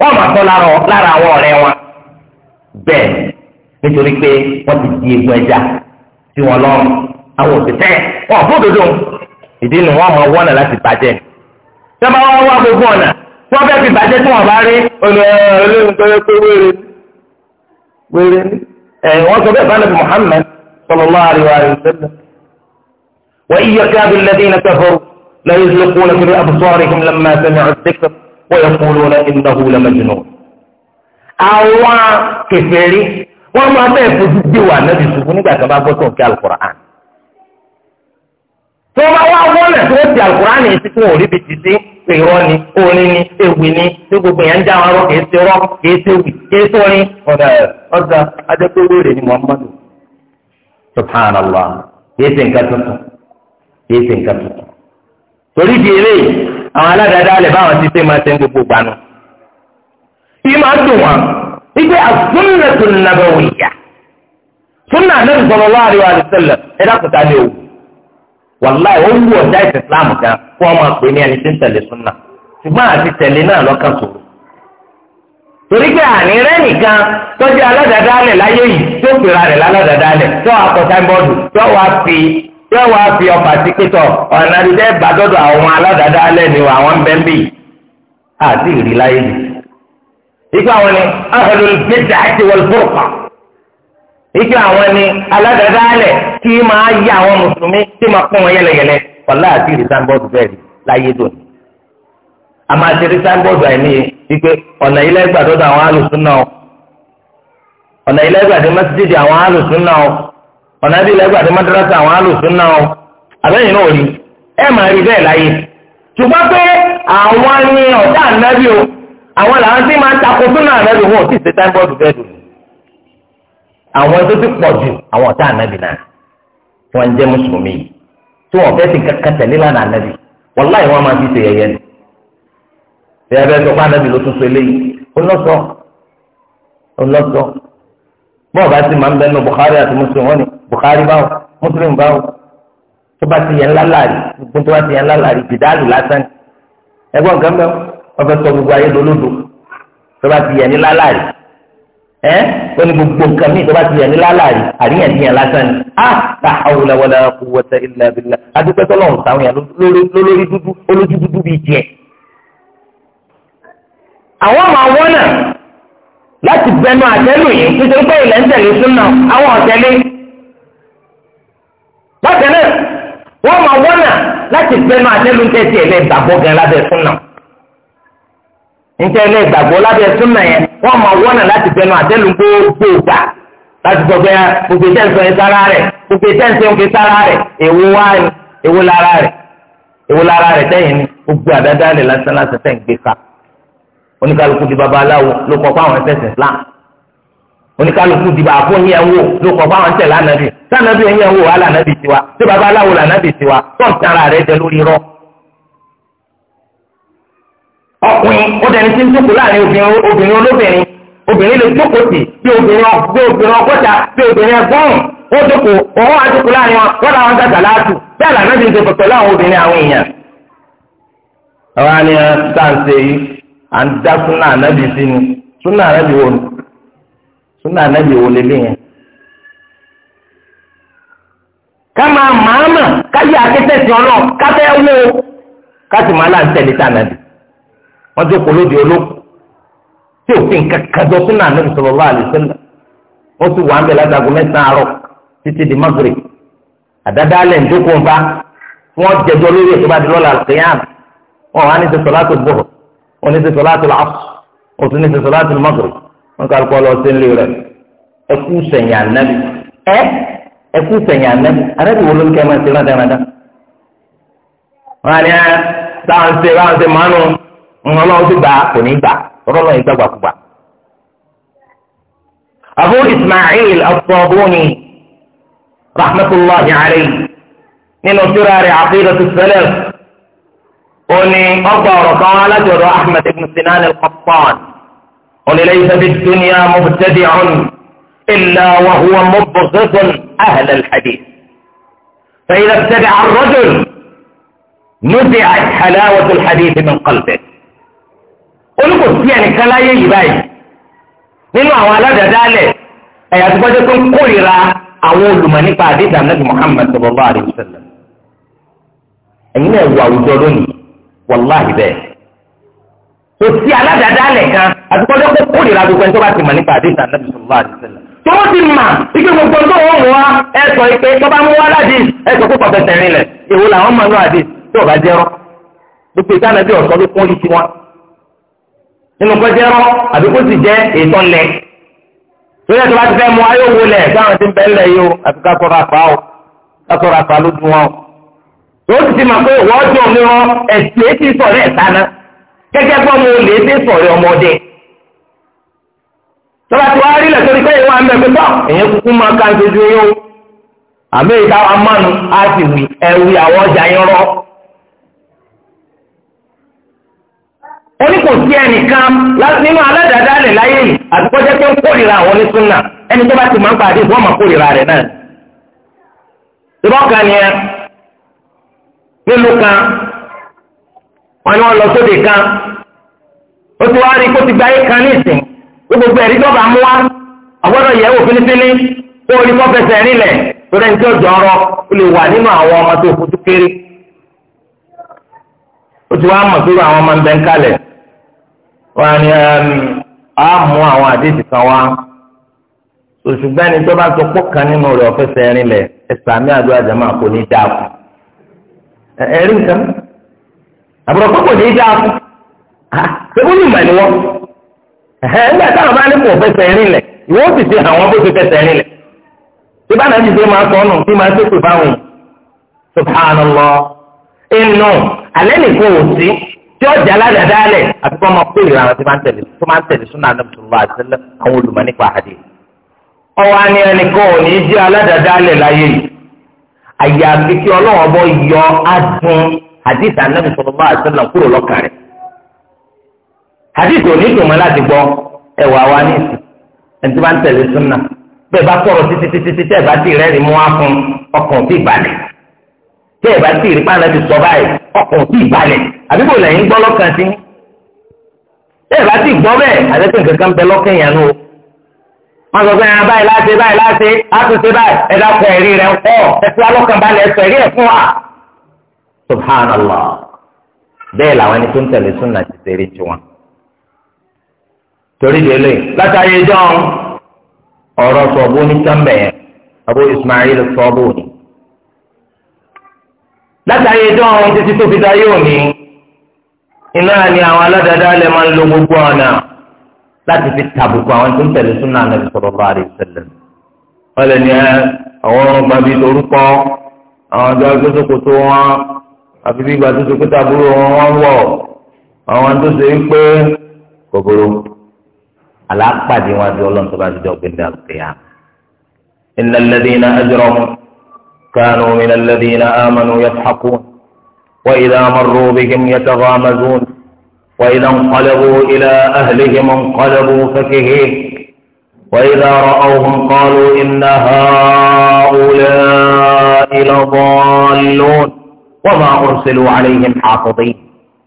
wọ́n máa tọ́ lára àwọn ọ̀rẹ́ wọn bẹ́ẹ̀ nítorí pé wọ́n ti di egun ẹja tí wọ́n lọ́rùn àwọn òṣìṣẹ́ wọn ò fódodo ìdí ni wọ́n máa wọ́nà láti bàjẹ́ sábà wọn wá gbogbo ọ̀nà tí wọ́n fẹ́ fi bàjẹ́ tí wọ́n bá rí olóyún tó yẹ pé wéré wéré ẹ̀ wọ́n sọ bẹ́ẹ̀ bá nàbì Muhammad sallallahu alaihi wa sallam. وإياك بالذين كفروا لا يزلقون في أبصارهم لما سمعوا الذكر wọ́n yẹ kó lóra ìnáwó lẹ́mẹ̀jìnà. àwọn kèfèrí wọ́n máa bẹ́ẹ̀ fojú gbé wà nẹ́bí ṣùgbọ́n nígbà tí wọ́n bá gbọ́ sọ̀rọ̀ kí alukur'an. tí wọ́n bá wá wọ́lẹ̀ tí wọ́n ti alukur'an yìí sí fún òríbi ti sí pèrọ ni orin ni ewì ni tí gbogbo yẹn ń já wọn rọ kìí ṣe rọ kìí ṣe wì kìí ṣe orin. ọ̀dà ọ̀dà adẹ́gbẹ́wé rẹ̀ ni muhammadu subhanallah kìí ṣe nǹkan tuntun kìí ṣe nǹkan tuntun torí di eléyìí àwọn aládàáda alẹ báwọn ti ṣe máa ṣe ń gbogbo gbanu. yìí máa dùn wọn wípé àsúnnàtù nàbàwìyà súnà ànábì sallallahu alaihi wa sallam ẹ dákúta ní òwú wàláì ó wù ọjà ìsìn islam gan kó ọmọ àpè ní ẹni tí ń tẹ̀lé súnà ṣùgbọ́n àti tẹ̀lé náà lọ́kàn sòrò torí pé àní rẹ nìkan tọ́jú aládàáda alẹ láyé yìí tó pèrà rẹ̀ láládàáda alẹ tó yóò wá fi ọ̀pá sí ọ̀nà dídẹ́ gbàdọ́dọ̀ àwọn aládàáda alẹ́ ni àwọn bẹ́ńbì àti ìrì láyé ni. Ìgbà wọn ni ahlul bid'ati wal furqa. ni aládàáda máa àwọn mùsùlùmí kí máa kún wọn yẹlẹyẹlẹ ọ̀la àti ìrì sáńbọ́ọ̀dù bẹ́ẹ̀ ni láyé A máa rí sáńbọ́ọ̀dù àìní ọ̀nà ilẹ̀ gbàdọ́dọ̀ àwọn alùsùn náà ọ̀nà ilẹ̀ gbàdọ́ ọ̀nà bíi lẹ́gbàá àti mọ́tàlásì àwọn alùsùn náà àbẹ́yìn náà rí ẹ máa rí bẹ́ẹ̀ láyé ṣùgbọ́n pé àwọn ni ọ̀tá ànábì o àwọn làwọn tí máa ń takò sún náà ànábì wọn ò tí ì ṣe táìbọ́ọ̀dù bẹ́ẹ̀ dùn àwọn tó ti pọ̀ jù àwọn ọ̀tá ànábì náà tí wọ́n ń jẹ́ mùsùlùmí yìí tí wọ́n fẹ́ ti kankan tẹ̀lé lánàá ànábì wàláì wọ́n máa fi ṣe yẹ̀yẹ́ ni bẹ́ẹ̀ bẹ́ẹ̀ sọ pé ànábì ló tún so eléyìí ó lọ́sọ̀ọ́ ó lọ́sọ̀ọ́ bọ́ọ̀ bá ti máa ń bẹ́ẹ̀ nù Bukhari àti Muslim wọ́n ni Bukhari báwo Muslim báwo tó bá ti yẹn ńlá láàrí gbogbo tó bá ti yẹn ńlá láàrí jìdáàlù lásán ẹgbọn kan bẹ wọn fẹ́ sọ gbogbo ayé lólódò tó bá ti yẹn ní láàrí ẹ wọn ni gbogbo nǹkan mi tó bá ti yẹn ní láàrí àríyànjiyàn lásán ni a ta hawla wala quwwata illa billah adúpẹ́ tọ́lọ́hún sáwọn yẹn lórí dúdú olójú dúdú bíi tiẹ̀ àwọn ọmọ àwọn náà láti bẹnu àtẹlù yìí nítorí pé ilẹ̀ ń tẹ̀lé súnà àwọn ọ̀tẹ̀lé bákan náà wọ́n máa wọ́nà láti fẹ́nu àtẹ́lu tẹ̀sí ẹ̀ lẹ́gbàgbọ́ gan lábẹ́ súnà nítorí lẹ́gbàgbọ́ lábẹ́ súnà yẹn wọ́n máa wọ́nà láti fẹ́nu àtẹ́lu gbogbo gbà láti ah, sọ pé gbogbo ìtẹ́sán yẹn sára rẹ̀ gbogbo ìtẹ́sán yẹn sára rẹ̀ èwo wá ni èwo lára rẹ̀ èwo lára rẹ̀ tẹ́yìn ni gbogbo àdáda rẹ̀ lásán lásán tẹ̀ ń gbé ká oníkàlùkù di babaláwo ló kọ́ fáwọn ẹ̀sẹ̀ Islam oníkálukú dìbò àpò ní ẹwọ ló kọ fún àwọn tẹlẹ ànábì sànábì ẹyìn ẹwọ wà lànàbì tiwa tí baba aláwo lànàbì tiwa tọ́ǹtì ara rẹ jẹ lórí rọ. ọkùnrin ó dẹni tí ń jókòó láàrin obìnrin olóbìnrin obìnrin lè jókòó tì bí obìnrin bí obìnrin ọgọ́ta bí obìnrin ẹgbọ́n ó jókòó òun á jókòó láàrin wọn wọn làwọn gàgà láàtù bẹ́ẹ̀ lànàbì ń ṣe pẹ̀pẹ̀ láwọn obìnrin àwọn èèyàn. àwa ni sáǹsì yìí à súnà anábì wo lélẹ̀ yẹn. ká máa màámà ká yẹ akẹ́tẹ̀sí ọlọ́ ká fẹ́ wó ká sì máa láǹtẹ̀lẹ́ tá ànábì wọ́n ti kò lóde olóko tí òfin kankan jọ súnà anábì sallallahu alaihi wasallam wọ́n sì wà ń bẹ̀ látago mẹ́sàn-án àárọ̀ títí di Maghrib àdáda alẹ́ ń dókòó nfa wọ́n jẹjọ́ lórí ètò bá di lọ́la àlùkìyàn wọn wà ní ti sọ̀látù bọ̀ wọn ní ti sọ̀látù làásù wọn tún ní ti sọ̀látù Maghrib. wọn kà lóko lọ sí rẹ ẹkú sẹyìn anabi ẹ ẹkú sẹyìn anabi anabi wo ló ń kẹ máa ṣe rádaràdà wọn àní ẹ táwọn ṣe báwọn ṣe máa nù ńlọ lọ́wọ́ ti gbà kò ní gbà lọ́wọ́ lọ́wọ́ ìgbàgbà kú gbà. Abu Ismail at rahmatulahi alayhi nínú sírárì aqidatu salaf òní ọgbà ọ̀rọ̀ kan alájọ̀dọ̀ ahmed ibn Sinan al-Qattan. قل ليس في الدنيا مبتدع إلا وهو مبغض أهل الحديث فإذا ابتدع الرجل نزعت حلاوة الحديث من قلبه قل قل يعني كلاي يباي من أولا دالة أي أتبدأ كل قلرة أول من فاديث عن محمد صلى الله عليه وسلم انه هو والله باش kò sí aládàádáalẹ̀ kan àtúkọ́jọ́ kó kórìíra gbogbo ẹni tó bá ti mọ̀ nípa àdéhùn àti sọ̀rọ̀ àti sẹ́lẹ̀. tó ti mà ike gbogbo tó wọ́n mú wa ẹ sọ pé tó bá mú wa ládì ẹ sọ púpọ̀ tẹ̀sẹ̀ rin lẹ̀ èwo làwọn máa ń lọ àdé tí ò bá jẹ́rọ́ gbogbo ìtàn àbí ọ̀sọ́ ló kún ìtì wọn. nínú kọ́ jẹ́rọ́ àbí kó sì jẹ́ ètò lẹ̀ torí ẹ̀ tó bá ti fẹ́ mú ayé owó lẹ̀ táwọn ti ń bẹ́ lẹ̀ yìí o àfi ká sọ̀rọ̀ àpá o ká sọ̀rọ̀ àpá lójú wọn o. tó ti ti mà pé wọ́n jọ̀ ní wọn ẹ̀sìn èyí ti sọ̀rọ̀ ẹ̀ sáná gẹ́gẹ́ bọ́ mo lè dé sọ̀rọ̀ ọmọdé tọ́lá tí wàá rí lẹ̀ torí pé ìwà ń bẹ̀ èyàn o àmì ìta amánu á sì wí ẹ̀wù ọjà yín rọ́ oní kò sí ẹnìkan nínú aládàáda lè láyé yìí àtúkọ́jẹ́ pé ń kórìíra àwọn onísúnà ẹni tó bá ti máa ń pàdé kórìíra rẹ̀ náà ìbọ̀kan ni ẹ kan ó ti wá rí kó ti gba ayé kan ní ìsìn gbogbo ẹ̀rí dọ́gba mú wá àgbọ́dọ̀ yẹ̀ fínífíní kó o ní kó fẹsẹ̀ rinlẹ̀ torí ẹni tí ó jọrọ ó lè wà nínú àwọn ọmọ tó fojú kéré ó ti wá mọ̀ sórí àwọn ọmọ nbẹ̀ ń kalẹ̀ wọ́n á mú àwọn àdéhùn kan wá ṣébó ní ìmọ̀ ni wọ́n nígbà táwọn bá ní kò fẹsẹ̀ rìn lẹ̀ ìwọ́n sì ti hàn wọ́n bó ti fẹsẹ̀ rìn lẹ̀ tí bá nàá ti ṣe máa sọnù tí máa ṣe pèpà wọn subhanallah inú alẹ́ nìkan ò sí tí ó jà ládàá dálẹ̀ àti kọ́ máa pè ìlànà tí máa ń tẹ̀lé tó máa ń tẹ̀lé súnà àdàbò tó bá àwọn olùmọ̀ nípa àdé ọwọ́ á ẹnìkan ò ní í jẹ́ aládàá láyé yìí àyàfi kí ọlọ́wọ́ bọ́ yọ adùn àdìsá nàbì sọ̀rọ̀ bá kúrò lọ́kàn hadith ò ní ìdùnmọ́ láti gbọ́ ẹ̀wà wa ní ìsìn ẹni tí wọ́n ń tẹ̀lé súnà bẹ́ẹ̀ bá sọ̀rọ̀ títí títí títí ẹ̀ bá ti rẹ́rìí mú wá fún ọkàn tí ìbàlẹ̀ tí ẹ̀ bá ti rí pàrọ̀ ti sọ báyìí ọkàn tí ìbàlẹ̀ àbí kò lẹ́yìn gbọ́ lọ́kàn sí tí ẹ̀ bá ti gbọ́ bẹ́ẹ̀ àdẹ́sẹ̀ nǹkan kan bẹ lọ́kàn yẹn nù wọ́n sọ pé ẹran ah, báyìí láti báyìí láti àtúnṣe báyìí ẹ dákun ẹ̀rí rẹ̀ ń kọ́ ẹ̀ torí délé látàrí ìjọ́n ọ̀rọ̀ sọ̀bù ní tẹ́ḿbẹ̀ yẹn Abu Ismail sọ̀bù ni. látàrí ìjọ́n títí tó fi dáyé òní iná ni àwọn aládàáda lè máa ń lo gbogbo ọ̀nà láti fi tàbùkù àwọn tó ń tẹ̀lé súnà Ànábì sallallahu alaihi wasallam. wọ́n lè ní àwọn ọ̀rùn gbàbí torúkọ àwọn ọjọ́ agbésókòtò wọn àfi bí ìgbà tó ti pété àbúrò wọn wọ́n wọ̀ àwọn tó ṣe é pé kòkòrò. àlàápàdé wọn àti ọlọ́run tó bá ti jọ gbẹ̀dẹ̀ àlùkìyà. إن الذين أجرموا كانوا من الذين آمنوا يضحكون وإذا مروا بهم يتغامزون وإذا انقلبوا إلى أهلهم انقلبوا فكهين وإذا رأوهم قالوا إن هؤلاء لضالون وما أرسلوا عليهم حافظين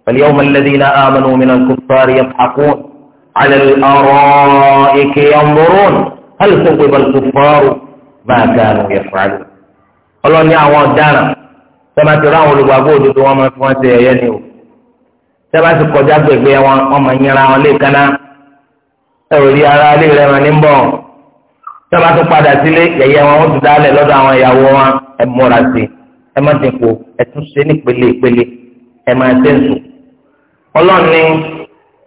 فاليوم الذين آمنوا من الكفار يضحكون على الأرائك ينظرون هل ثقب الكفار ما كانوا يفعلون ọlọ́ni àwọn ọ̀daràn tẹ́lá ti ráwọn olùgbàgbọ́ òdodo wọn máa fi wọ́n ṣe ẹ̀yẹ ni o tẹ́lá ti kọjá gbègbè wọn wọ́n máa yẹra wọn lékaná ẹ ò rí ara ilé rẹ wọn ní bọ̀ tẹ́lá ti padà sílé yẹ̀yẹ́ wọn ó ti dálẹ̀ lọ́dọ̀ àwọn ìyàwó wọn ẹ múra sí ẹ má dínkù ẹ tún ṣe nípele ìpele ẹ máa ṣe ń sùn ọlọ́ni.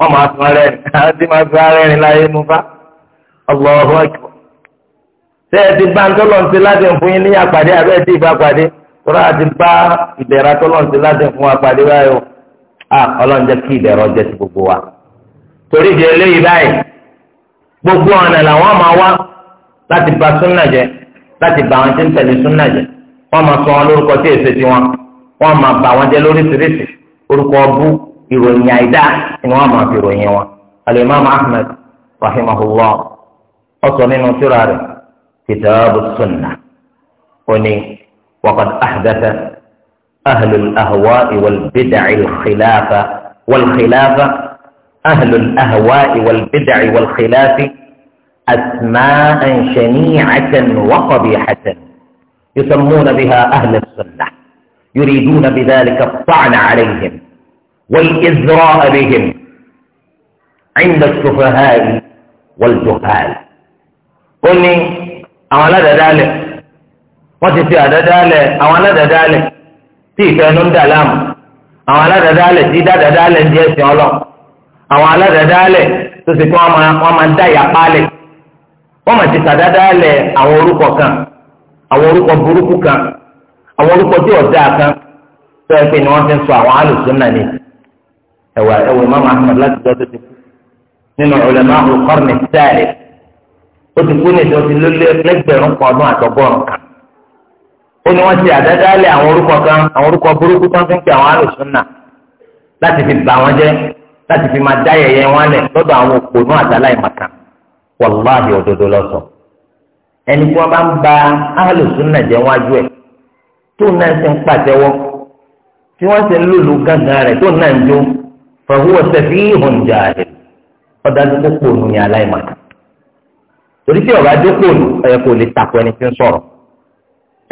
wọ́n máa sọ rẹ̀ àti máa sọ rẹ̀ ní láyé nu fa Allahu akbar. ṣé ẹ ti bá ń tọ́lọ̀ ń ṣe láti fún yín ní àpàdé àbẹ́ ẹ ti bá pàdé tọ́lá àti bá ìbẹ̀rẹ̀ tọ́lọ̀ ń ṣe láti fún wa pàdé báyọ̀ à ọlọ́run jẹ́ kí ìbẹ̀rẹ̀ ọjọ́ ti gbogbo wa. torí ìdí eléyìí báyìí gbogbo ọ̀nà làwọn máa wá láti bà súnà jẹ́ láti bà wọn tí ń tẹ̀lé súnà jẹ́ wọ́n máa sọ wọn lórúkọ tí èsè tiwọn wọ́n máa bà wọn jẹ́ lóríṣiríṣi orúkọ ọbú ìròyìn àìdá ni wọ́n máa fi ròyìn wọn alimami ahmed rahimahullah ọsọ nínú tírà rẹ̀ kìtàbù sunna oní wàkàtí àhdàtà ahlù ahwa iwal ìwàlbidàcì xilaafa wàlxilaafa ahlù ahwa iwal bidà ìwàlbidàcì wàlxilaafi asmaa shaniicatan waqabiixatan yusamuuna biha ahlù sunna yuriiduuna bidaalika fàcna عليهم والإذراء بهم عند السفهاء والجهال ó ní àwọn aládàádálẹ̀ wọ́n ti fi àdádálẹ̀ àwọn aládàádálẹ̀ tí ìfẹ́nu ń dà láàmú àwọn aládàádálẹ̀ tí dádàádálẹ̀ ń di ẹ̀sìn ọlọ́ àwọn aládàádálẹ̀ tó ti kí wọ́n máa ń dá ìyapálẹ̀ wọ́n máa ti sàdádálẹ̀ àwọn orúkọ kan àwọn orúkọ burúkú kan àwọn orúkọ tí ò dáa kan tó ẹ pé ni wọ́n fi ń sọ àwọn alùsùn náà nìyí. ẹ̀wà ẹ̀wà Imam Ahmad láti gbọ́ ụdị ti kú nínú ulama al-qarni al ó ti kú ní ti lólé lẹ́gbẹ̀rún kan ọdún kan ó ní wọ́n ti àdádálẹ̀ àwọn kan àwọn orúkọ burúkú ń pè àwọn alùsùnà láti fi bà wọ́n jẹ́ láti fi máa dá yẹyẹ wọn lẹ̀ lọ́dọ̀ àwọn màkà wàláhì òdodo tí wọ́n ti ń gángan rẹ̀ tó fàhùwà sẹ̀fì ìhùn jàre ọ̀dájú tó kpònú ní aláìmọ̀ká torí tí ọ̀rọ̀ adé kpònú ọ̀yẹ kò lè takò ẹni tí ń sọ̀rọ̀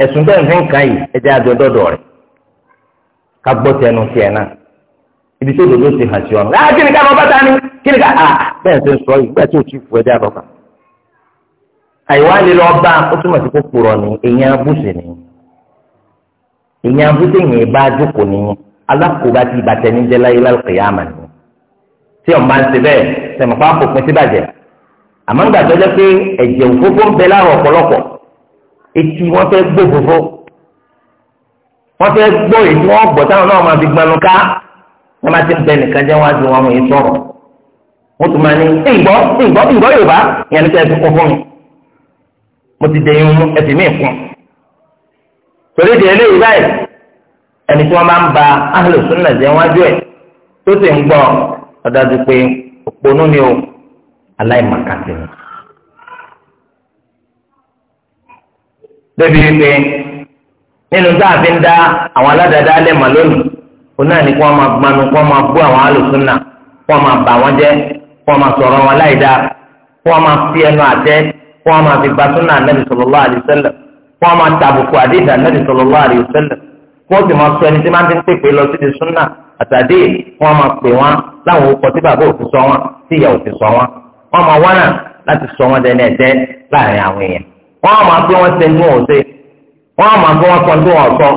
ẹ̀sùn bẹ́ẹ̀ fi ń ka yìí ẹ̀jẹ̀ àjọ̀dọ̀dọ̀ rẹ̀ ká gbọ́ tẹnu tiẹ̀ náà ibi tó dodo ti hàn sí ọ̀nà á ah, kí ni ká lọ bá ta ni kí ni ká à ah, bẹ́ẹ̀ ti ń sọ yìí bẹ́ẹ̀ tó ti fò ẹ̀jẹ̀ àbọ̀ká àyíwá lè lọ bá ó túmọ̀ sí kó ni èèyàn abúṣe ni èèyàn abúṣe yìí bá jókòó nìyẹn alákòóbá ti ìbàjẹ́ ní jẹ́láyé lálùkìyàmà ni tí ọ̀ máa ń ṣe bẹ́ẹ̀ sẹ̀mọ̀pá fòpin sí bàjẹ́ àmọ́ ń gbàgbọ́ jẹ́ pé ẹ̀jẹ̀ òfófó ń bẹ láàrọ̀ ọ̀pọ̀lọpọ̀ etí wọ́n fẹ́ gbó fòfó wọ́n fẹ́ gbọ́ èyí wọ́n gbọ́ táwọn náà máa fi gbanu ká wọ́n máa ti ń bẹ nìkan jẹ́ wọ́n á ju wọn wọ̀nyí sọ̀rọ̀ wọ́n tún máa ní ìgbọ́ ìgbọ́ yorùbá ìyẹn ní kẹ́ẹ̀sì kún fún mi mo ti dẹ̀yìn ẹ̀sìn mí kún torí di eléyìí báyìí ẹni tí wọ́n máa ń ba ahlu sunna jẹ́ wájú ẹ̀ tó sì ń gbọ́ ọ̀dájú pé òpònú ni o aláìmọ̀kàtì ni. débi wípé nínú tá a fi ń dá àwọn aládàáda alẹ́ mọ̀ lónìí náà kí wọ́n máa gbanu kí wọ́n máa bú àwọn ahlu sunna kí wọ́n máa bà wọ́n jẹ́ kí wọ́n fi ẹnu àtẹ́ kí wọ́n máa fi kí wọ́n máa tàbùkù wọ́n sì máa sọ ẹni tí máa ń ti ń pèpè lọ síbi súnà àtàdé wọ́n máa pè wọ́n láwọn orúkọ tí bàbá òfin sọ wọ́n tí ìyá òfin sọ wọ́n wọ́n máa wọ́nà láti sọ wọ́n dẹni ẹ̀jẹ̀ láàrin àwọn èèyàn wọ́n máa pé wọ́n ṣe ní wọn ṣe wọ́n máa pé wọ́n sọ ní wọn sọ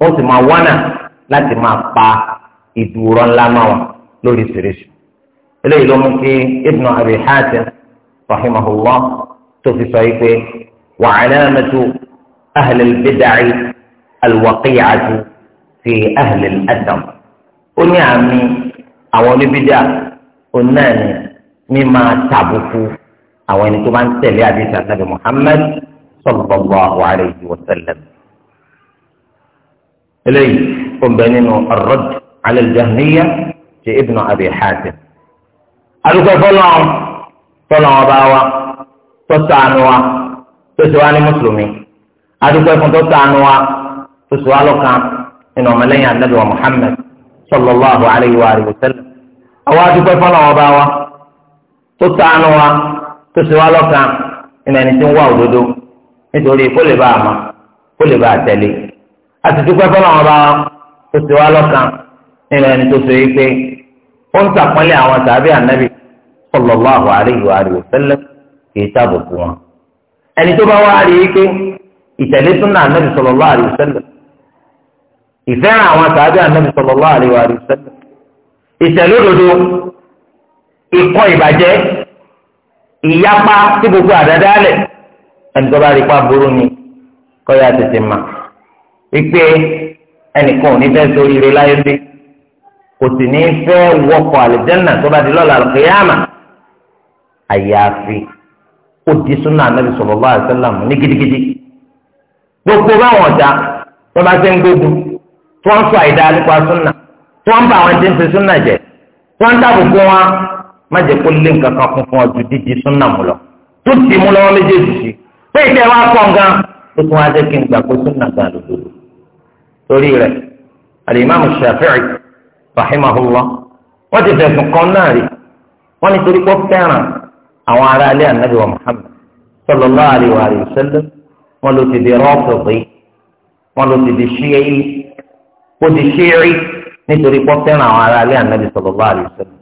wọ́n sì máa wọ́nà láti máa pa ìdúró ńlá máa wọn lórí ṣèrèṣù eléyìí ló mú kí ibnu abi hatim الوقيعة في أهل الأدم أني عمي أو نبدا أناني مما تعبكوا أو أن تبان تلي حديث محمد صلى الله عليه وسلم إلي قم بيننا الرد على الجهمية في ابن أبي حاتم ألقى فلان فلان باوا tó ṣàánú wa tó ṣe wá ní mùsùlùmí adúgbò ẹ̀fọn tó ṣàánú wa oṣù alọ́kan nínú ọmọlẹ́yìn anabi wa muhammed sallallahu alayhi wa alihi wa sallam. àwa dúpẹ́ fọlọ́ wọn bá wa tó tànù wa tó ṣe wa lọ́kan nínú ẹni tí ń wá òdodo nítorí kó lè bá a ma kó lè bá a tẹ̀lé. a ti dúpẹ́ fọlọ́ wọn bá wa tó ṣe wa lọ́kan nínú ẹni tó ṣe pé ó ń tàpọ́nlé àwọn tàbí anabi sallallahu alayhi wa alihi wa sallam kì í tábùkù wọn. ẹni tó bá wá rí i pé ìtẹ̀lé súnà anabi sallallahu alayhi wa sallam ìfẹ́ràn àwọn sàábẹ́ ànábì sallallahu alaihi wa sallam ìtẹ̀lódodo ikọ́ ìbàjẹ́ ìyapa tí gbogbo àdádálẹ̀ ẹni tó bá rí pa burú ni kọ́ya tètè mà wípé ẹnìkan ò ní fẹ́ sórí rẹ láyé bí kò sì ní fẹ́ wọkọ̀ àlùjánnà tó bá di lọ́la àlùkìyàmà àyàfi ó di súnà ànábì sallallahu alaihi wa sallam ní gidigidi gbogbo báwọn ọ̀dà tó bá ṣe ń gbógun tí wọ́n sọ àìdá nípa súnà tí wọ́n bá àwọn tí ń fi súnà jẹ tí dábòbò wọn má kó lé nǹkan kan fún dídí súnà lọ tó ti mú méjèèjì sí pé wa kọ̀ gan ó tún wá jẹ́ kí n gbà pé súnà gan lòdòdò torí rẹ̀ alimami shafi'i rahimahullah wọ́n ti fẹ̀sùn kan náà rí wọ́n ní torí pé fẹ́ràn àwọn ará ilé anabi wa ló ti di kó di ṣíírí nítorí pọ́ fẹ́ràn àwọn ará ilé ànábì sallallahu alaihi wasallam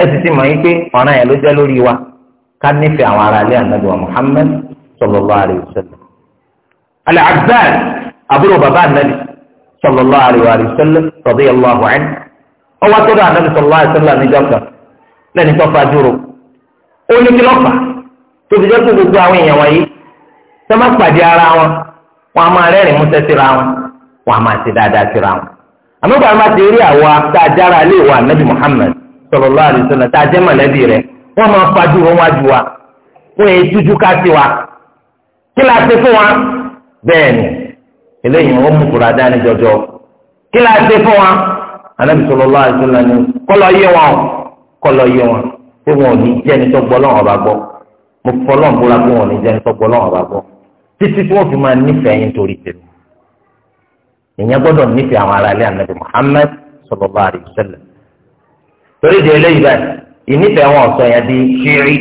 ẹ sì ti mọ̀ yín pé ọ̀ràn yẹn ló jẹ́ lórí wa ká nífẹ̀ẹ́ àwọn ará ilé ànábì wa Muhammad sallallahu alaihi wasallam. Al-Abbas àbúrò bàbá ànábì sallallahu alaihi wasallam radiyallahu anhu ọwọ́ àtọ́dọ̀ ànábì sallallahu alaihi wasallam níjọ́ kan lẹ́ni tó fa dúró ó ní kí lọ́fà tóbi jẹ́ kó wọn a máa ṣe dáadáa síra wọn. àmọ́ bàbá máa ti rí àwa tá a jára lé wa nabi muhammad sallallahu alaihi wasallam tá a jẹ́ mọ̀lẹ́bí rẹ̀ wọ́n máa fajú wọn wájú wa wọ́n yẹ jújú ká sí wa kí la ṣe fún wa bẹ́ẹ̀ ni eléyìí wọ́n mú kura dání jọjọ kí la ṣe fún wa anabi sallallahu alaihi wasallam ni kọ́lọ̀ yé wọn o kọ́lọ̀ yé wọn pé wọn ò ní jẹ́ ẹni tó gbọ́ lọ́wọ́ bá gbọ́ mo fọlọ́ọ̀ búra pé wọn ò ní jẹ́ ẹni tó gbọ́ lọ́wọ́ bá gbọ́ títí tí wọ́n fi máa nífẹ̀ẹ́ yín torí tèmi ìyẹn gbọ́dọ̀ nífẹ̀ẹ́ àwọn ará ilé ànábì Muhammad sallallahu alaihi sẹlẹ torí di eléyìí báyìí ìnífẹ̀ẹ́ wọn ọ̀sọ̀ yẹn di ṣíírí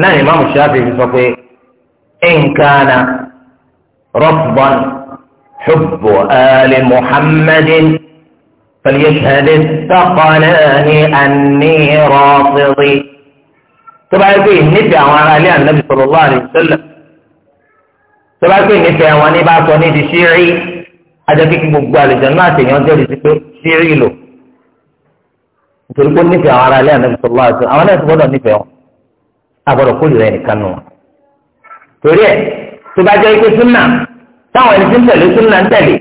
náà ni Imam Shafi'i sọ pé nkaana rọ́pùbọ́n xubbu ali Muhammadin fàlìyẹ́sẹ̀lẹ̀ sọ́kọ̀lẹ́ni àní rọ́ọ̀fìrì tó bá yẹ pé ìnífẹ̀ẹ́ àwọn ará ilé ànábì sallallahu alaihi sẹlẹ tó bá yẹ pé ìnífẹ̀ẹ́ wọn ní bá sọ ní di ṣíírí. ajẹ́ kí gbogbo àlejò náà àtẹ̀yàn jẹ́rìí sí pé sírí lò nítorí pé nífẹ̀ẹ́ àwọn ará ilé ànábì sọlá àti àwọn náà ti gbọ́dọ̀ nífẹ̀ẹ́ wọn àgbọ̀dọ̀ kó lè nìkan nù wọn. torí ẹ tó bá jẹ́ pé súnà táwọn ẹni tí ń tẹ̀lé súnà ń tẹ̀lé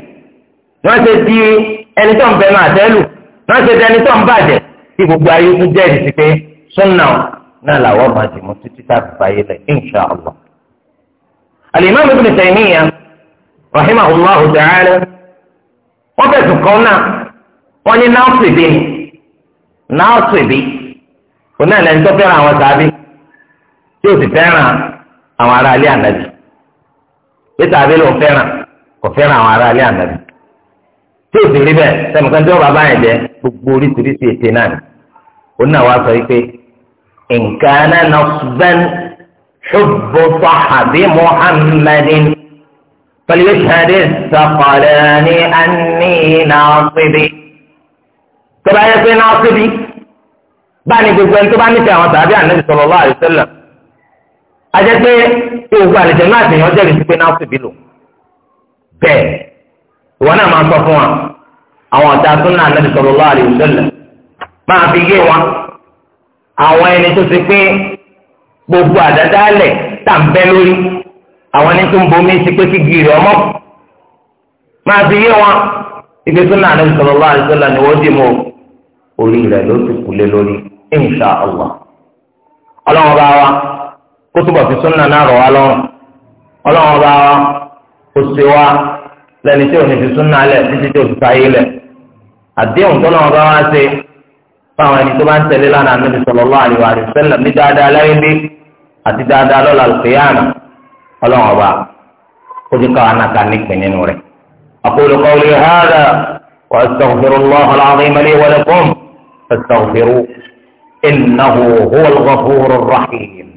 wọ́n ṣe di ẹni tó ń bẹnu àtẹ́lù wọ́n ṣe di ẹni tó ń bàjẹ́ kí gbogbo ayé tún jẹ́rìí sí pé súnà náà làwọn máa dì mú títí tá rahimahullahu ta'ala wọ́n fẹ̀sùn kan náà wọ́n ní náàsìbí ni náàsìbí kò náà lẹ́ni tó fẹ́ràn àwọn sàbí tí ó sì na àwọn ará ilé ànábì bí sàbí ló fẹ́ràn kò fẹ́ràn àwọn ará ilé ànábì tí ó sì rí tí jẹ gbogbo oríṣiríṣi náà ni náà wá sọ wípé nǹkan náà muhammadin. فليشهد الثقلان أني ناصبي tọ́ba yẹ pé náà síbi báyìí gbogbo ẹni tó bá nífẹ̀ẹ́ àwọn tàbí ànábì sallallahu alaihi wasallam ajẹ́ pé gbogbo àlejò náà ti yànjẹ́ rí sí pé náà síbi lò bẹ́ẹ̀ ìwọ náà máa sọ fún wa àwọn ọ̀tá tó náà ànábì sallallahu alaihi wasallam máa fi yé wọn àwọn ẹni tó ti pé gbogbo àdádálẹ̀ tà ń bẹ́ lórí àwọn ẹni tó ń bomi sí pé kí gírì ọmọ máa fi yé wọn ibi tó náà lẹ́yìn sọ̀rọ̀ láàrin sọ́la ni wọ́n dì mọ́ orí rẹ̀ ló ti kú lé lórí insha allah ọlọ́run bá wa kó túbọ̀ fi súnà náà rọ̀ wá lọ́rùn ọlọ́run bá wa kó ṣe wá lẹ́ni tí ò ní fi súnà lẹ̀ títí tí ò fi sáyé lẹ̀ àdéhùn tọ́lọ́run bá wa ṣe fáwọn ẹni tó bá ń tẹ̀lé lánàá níbi sọ̀rọ̀ láàrin wa rẹ̀ sẹ́lẹ̀ ní dáadáa lẹ́yìn bí àti dáadáa lọ́la lùkìyàmù ọlọ́run ọba ó ti ká wọn ká nípìn nínú rẹ̀. aqulu qawli hadha wa astaghfirullaha al-azim li wa lakum fastaghfiruhu innahu huwal ghafurur rahim.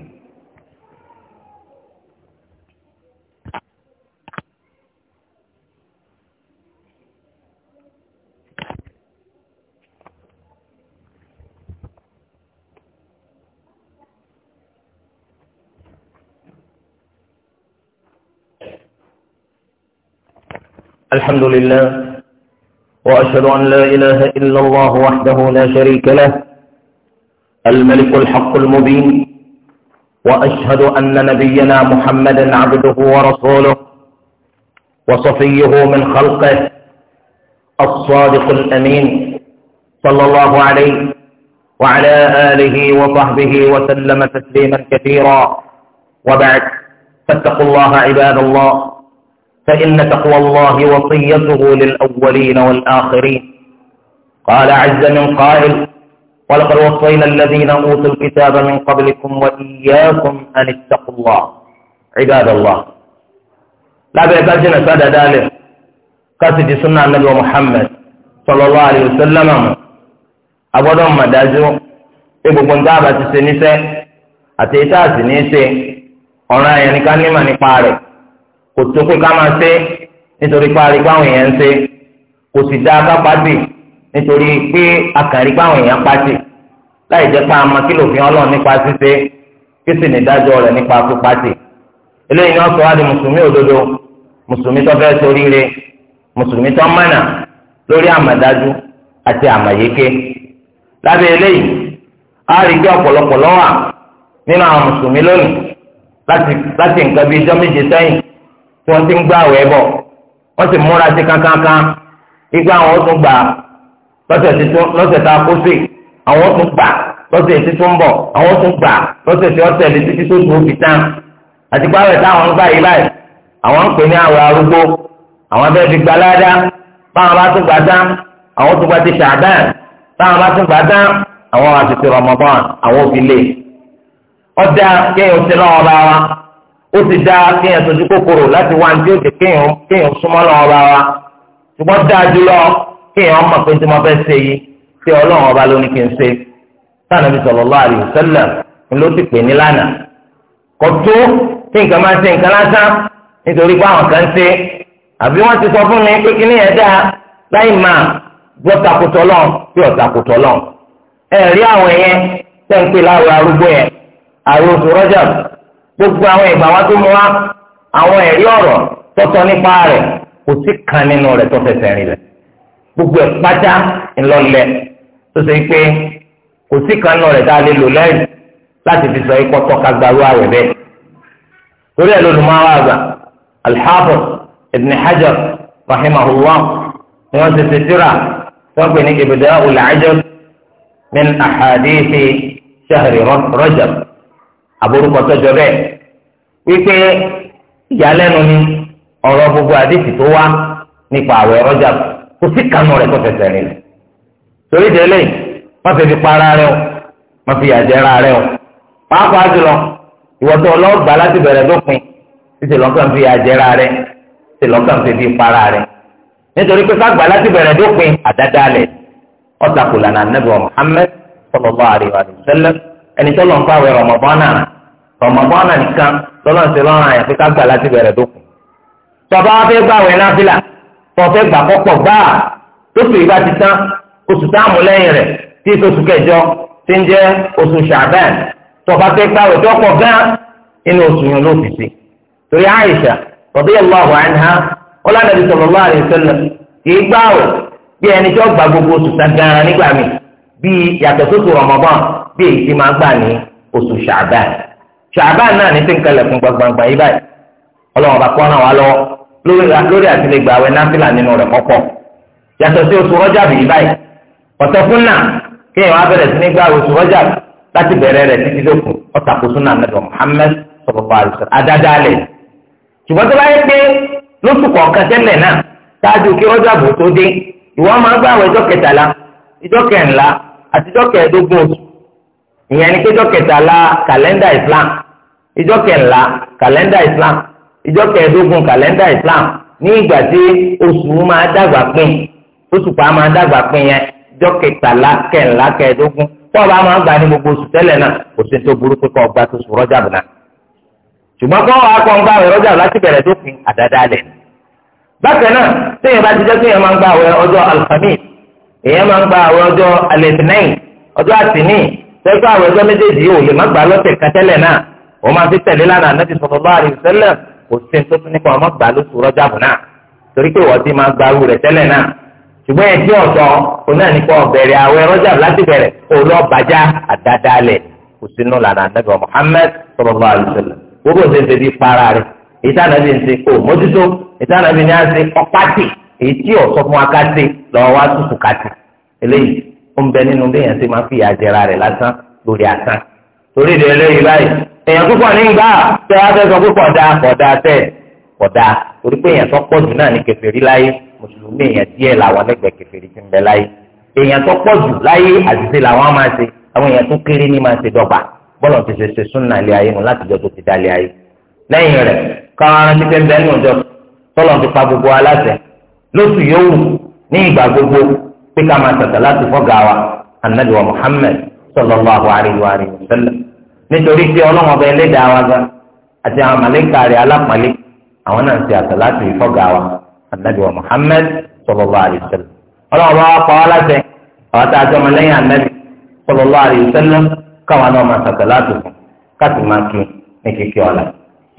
الحمد لله وأشهد أن لا إله إلا الله وحده لا شريك له الملك الحق المبين وأشهد أن نبينا محمدا عبده ورسوله وصفيه من خلقه الصادق الأمين صلى الله عليه وعلى آله وصحبه وسلم تسليما كثيرا وبعد فاتقوا الله عباد الله فإن تقوى الله وصيته للأولين والآخرين قال عز من قائل ولقد وصينا الذين أوتوا الكتاب من قبلكم وإياكم أن اتقوا الله عباد الله لا بأكاجنا سادة ذلك قصد سنة النبي محمد صلى الله عليه وسلم أبدا ما دازوا إبو بنتابة سنسة أتيتا سنسة أنا يعني كان لما ọ̀ràn kò tó pé ká máa ṣe nítorí pé arí báwọn èèyàn ń ṣe kò sì dá akápàdé nítorí pé akàrí báwọn èèyàn pàṣẹ láì jẹ́ pé àmọ́ kí lòfin ọlọ́run nípa ṣíṣe kí sì ní dájọ́ rẹ̀ nípa pípàṣẹ eléyìí ni wọ́n sọ wá di mùsùlùmí òdodo mùsùlùmí tó fẹ́ ṣoríire mùsùlùmí tó mọ̀nà lórí àmàdájú àti àmàyéké lábẹ́ eléyìí a rí gbé ọ̀pọ̀lọpọ̀ lọ́wọ́ nínú àwọn mùsùlùmí lónìí láti nǹkan bíi ijọ́ sẹ́yìn wọ́n ti ń gbá àwẹ̀ bọ̀ wọ́n sì múra sí kankankan igbá àwọn tún gbà lọ́sẹ̀ tá a kó sí àwọn tún gbà lọ́sẹ̀ tí tún bọ̀ àwọn tún gbà lọ́sẹ̀ tí wọ́n tẹ̀lé títí tó tó fi tán àti pé àwẹ̀ táwọn ń gbà yìí báyìí àwọn ń pè ní àwẹ̀ arúgbó àwọn abẹ́ fi gbà ládá báwọn bá tún gbà tán àwọn tún gbà ti ṣàbẹ́n báwọn bá tún gbà tán àwọn àti ti Ramadan àwọn òfin lè ọjà kéèyàn ti lọ́wọ́ bá wa ó ti dá kéèyàn sojú kòkòrò láti wá ní tí ó ti kéèyàn kéèyàn súnmọ́ lọ́wọ́ bá wa ṣùgbọ́n dáa jùlọ kéèyàn mọ̀ pé tí mo fẹ́ ṣe yìí tí ọlọ́run ọba ló ní kí n ṣe Ànábì sallallahu alaihi wasallam ni ló ti pè ní lánàá kò tó kí nǹkan máa ṣe nǹkan lásán nítorí pé àwọn kan ṣe àbí wọ́n ti sọ fún mi pé kí níyẹn dáa láì máa gbọ́ takùtọ̀ lọ́n bí ọ̀takùtọ̀ lọ́n ẹ̀rí àwọn yẹn tẹ́ ń pè láwùrọ̀ arúgbó yẹn àrùn oṣù Rajab gbogbo àwọn ìgbà wa tó mú wa àwọn ẹ̀rí ọ̀rọ̀ tọ́tọ́ nípa rẹ̀ kò sí kan nínú rẹ̀ tó fẹsẹ̀ rìn lẹ̀ gbogbo ẹ̀ pátá ńlọlẹ̀ tó ṣe pé kò sí kan nínú rẹ̀ tá a lè lò lẹ́yìn láti fi sọ ikọ́ tọ́ka gbarú àwẹ̀ bẹ́ẹ̀ torí ẹ̀ lónìí àgbà alḥafiz ibn hajar rahimahullah ni wọ́n ti ṣe tírà wọ́n pè ní ibùdó al-ajab min ahadithi shahri rajab àbórúkọ tọjọ bẹ́ẹ̀ wípé ìyàlẹ́nu ni ọ̀rọ̀ gbogbo àdìsí tó wá nípa àwẹ̀ rọjà kò sí kanu rẹ̀ tó fẹsẹ̀ rìn torí délé má fi fi para rẹ̀ o má fi yàjẹra rẹ̀ o pàápàá jùlọ ìwọ̀tọ̀ ọlọ́gbà láti bẹ̀rẹ̀ dópin títí lọ́kàn fi yàjẹra rẹ̀ títí lọ́kàn fi fi para rẹ̀ nítorí pé kágbà láti bẹ̀rẹ̀ dópin àdáda lẹ̀ ọ̀tàkùlà nà nàbẹ̀ Muhammad sallallahu alaihi wa ẹni tó lọ ń pàwẹ̀ rọ̀mọ̀bọ́nà rọ̀mọ̀bọ́nà nìkan tó lọ ń ṣe lọ́rùn àyàn pé ká gbà láti bẹ̀rẹ̀ dókun. tọ́ba wa fẹ́ gbàwẹ̀ náfìlà tó fẹ́ gbà kọ́pọ̀ gbáà tó sì bá ti tán oṣù táàmù lẹ́yìn rẹ̀ tí oṣù kẹjọ ti ń jẹ́ oṣù ṣàbẹ́n tọ́ba fẹ́ gbàwẹ̀ tó pọ̀ gan inú oṣù yẹn ló fi sí. torí Àìṣà radiyallahu anha ọlá Nabi sallallahu alaihi wasallam kì bíi yàtọ̀ sótò Ramadan bíi èyí tí máa gbà ní oṣù Sha'ban Sha'ban náà ní tí ń kalẹ̀ fún gbangbangba yìí báyìí ọlọ́run bá kọ́ náà wá lọ́wọ́ lórí àtìlẹ́gbà àwẹ̀ náfìlà nínú rẹ̀ kọ́kọ́ yàtọ̀ sí oṣù Rajab yìí báyìí ọ̀tọ̀ fún náà kéèyàn wá bẹ̀rẹ̀ sí ní gbà oṣù Rajab láti bẹ̀rẹ̀ rẹ̀ títí lókun ọ̀tàkùsù náà náà ṣáájú ìjọ kẹrìnlá àtijọ́ kẹẹ̀ẹ́dógún oṣù ìyẹn ni kíjọ́ kẹtàlá kàlẹ́ndà islam ìjọ́ kẹ̀ńlá kàlẹ́ndà islam ìjọ́ kẹẹ̀ẹ́dógún kàlẹ́ndà islam ní ìgbà tí oṣù máa dàgbà pín oṣù pa máa dàgbà pín yẹn ìjọ́ kẹtàlá kẹ̀ńlá kẹẹ̀ẹ́dógún tọ́ọ̀bù á máa gbà ní gbogbo oṣù tẹ́lẹ̀ náà kò sí tó burú pé tó sùn rọ́jà ṣùgbọ́n ń gbà wẹ̀ rọ́jà láti bẹ̀rẹ̀ àdáadáa lẹ̀ bákan náà bá ti jẹ́ máa gbà wẹ̀ èèyàn máa ń gba àwọn ọjọ́ alẹ́sìnẹ́yìn ọjọ́ àtìní sẹ́kọ̀ àwọn ọjọ́ méjèèjì yóò lè má gbà lọ́sẹ̀ kẹtẹ́lẹ̀ náà wọ́n máa fi tẹ̀lé lánàá Ànábì sallallahu alaihi wasallam kò sí ní tó tún nípa ọmọ gbà lóṣù Rọ́jàbù náà torí pé wọ́n ti máa gba irú rẹ̀ tẹ́lẹ̀ náà ṣùgbọ́n ẹ jẹ́ ọ̀tọ̀ kò náà nípa ọ̀bẹ̀rẹ̀ àwẹ̀ Rọ́jàbù láti èyí tí ò sọ fún wa ká ṣe lọ́wọ́ wá tutù ká tì eléyìí ó ń bẹ nínú béèyàn ṣe máa fi àjẹrà rẹ̀ lásán lórí asán torí ìdè eléyìí báyìí èèyàn púpọ̀ ní ìgbà tẹ wá fẹ́ sọ pé kọ̀dá kọ̀dá tẹ̀ kọ̀dá torí pé èèyàn tó pọ̀ jù náà ní kèfèrí láyé mùsùlùmí èèyàn díẹ̀ làwọn lẹ́gbẹ̀ẹ́ kèfèrí ti ń bẹ láyé èèyàn tó pọ̀ jù láyé àṣìṣe làwọn máa ṣe àwọn èèyàn tó kéré ní máa ṣe dọ́gba bọ́lọ̀ ti ṣe ṣe súnà ilé ayé mu láti jọ tó ti dá ilé ayé lẹ́yìn rẹ̀ káwọn aránsí pé bẹ́ẹ̀ ní òjò tọ́lọ̀ ti pa gbogbo aláṣẹ lóṣù yòówù ní ìgbà gbogbo pé ká máa tàtà láti fọ́gà wa anabi wa muhammed sallallahu alayhi wa sallam nítorí pé ọlọ́wọ́n bẹ ẹlẹ́dàá wa gan àti àwọn màlẹ́kà rẹ̀ alápàlẹ́ àwọn náà ń ṣe àtà láti fọ́gà wa anabi wa muhammed sallallahu alayhi wa sallam ọlọ́wọ́n bá wa pa wá láṣẹ àwọn tá a jọmọ lẹ́yìn anabi sallallahu alayhi wa sallam káwọn náà máa tàtà láti fún káàtì máa kí ní kíkí ọ̀la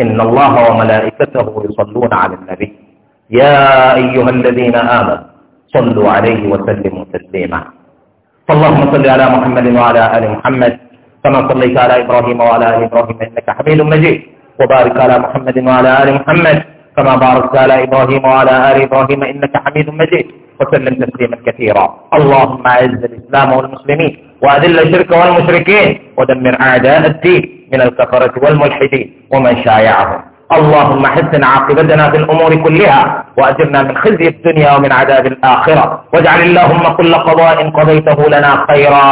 inna Allaha wa يا أيها الذين آمنوا صلوا عليه وسلموا تسليما اللهم صل على محمد وعلى آل محمد كما صليت على إبراهيم وعلى آل إبراهيم إنك حميد مجيد وبارك على محمد وعلى آل محمد كما باركت على إبراهيم وعلى آل إبراهيم إنك حميد مجيد وسلم تسليما كثيرا اللهم أعز الإسلام والمسلمين وأذل الشرك والمشركين ودمر أعداء الدين من الكفرة والملحدين ومن شايعهم اللهم حسن عاقبتنا في الأمور كلها وأجرنا من خزي الدنيا ومن عذاب الآخرة واجعل اللهم كل قضاء قضيته لنا خيرا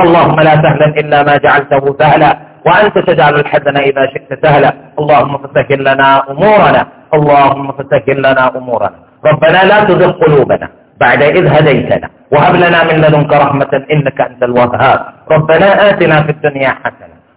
اللهم لا سهلا إلا ما جعلته سهلا وأنت تجعل الحزن إذا شئت سهلا اللهم فسهل لنا أمورنا اللهم فسهل لنا أمورنا ربنا لا تزغ قلوبنا بعد إذ هديتنا وهب لنا من لدنك رحمة إنك أنت الوهاب ربنا آتنا في الدنيا حسنة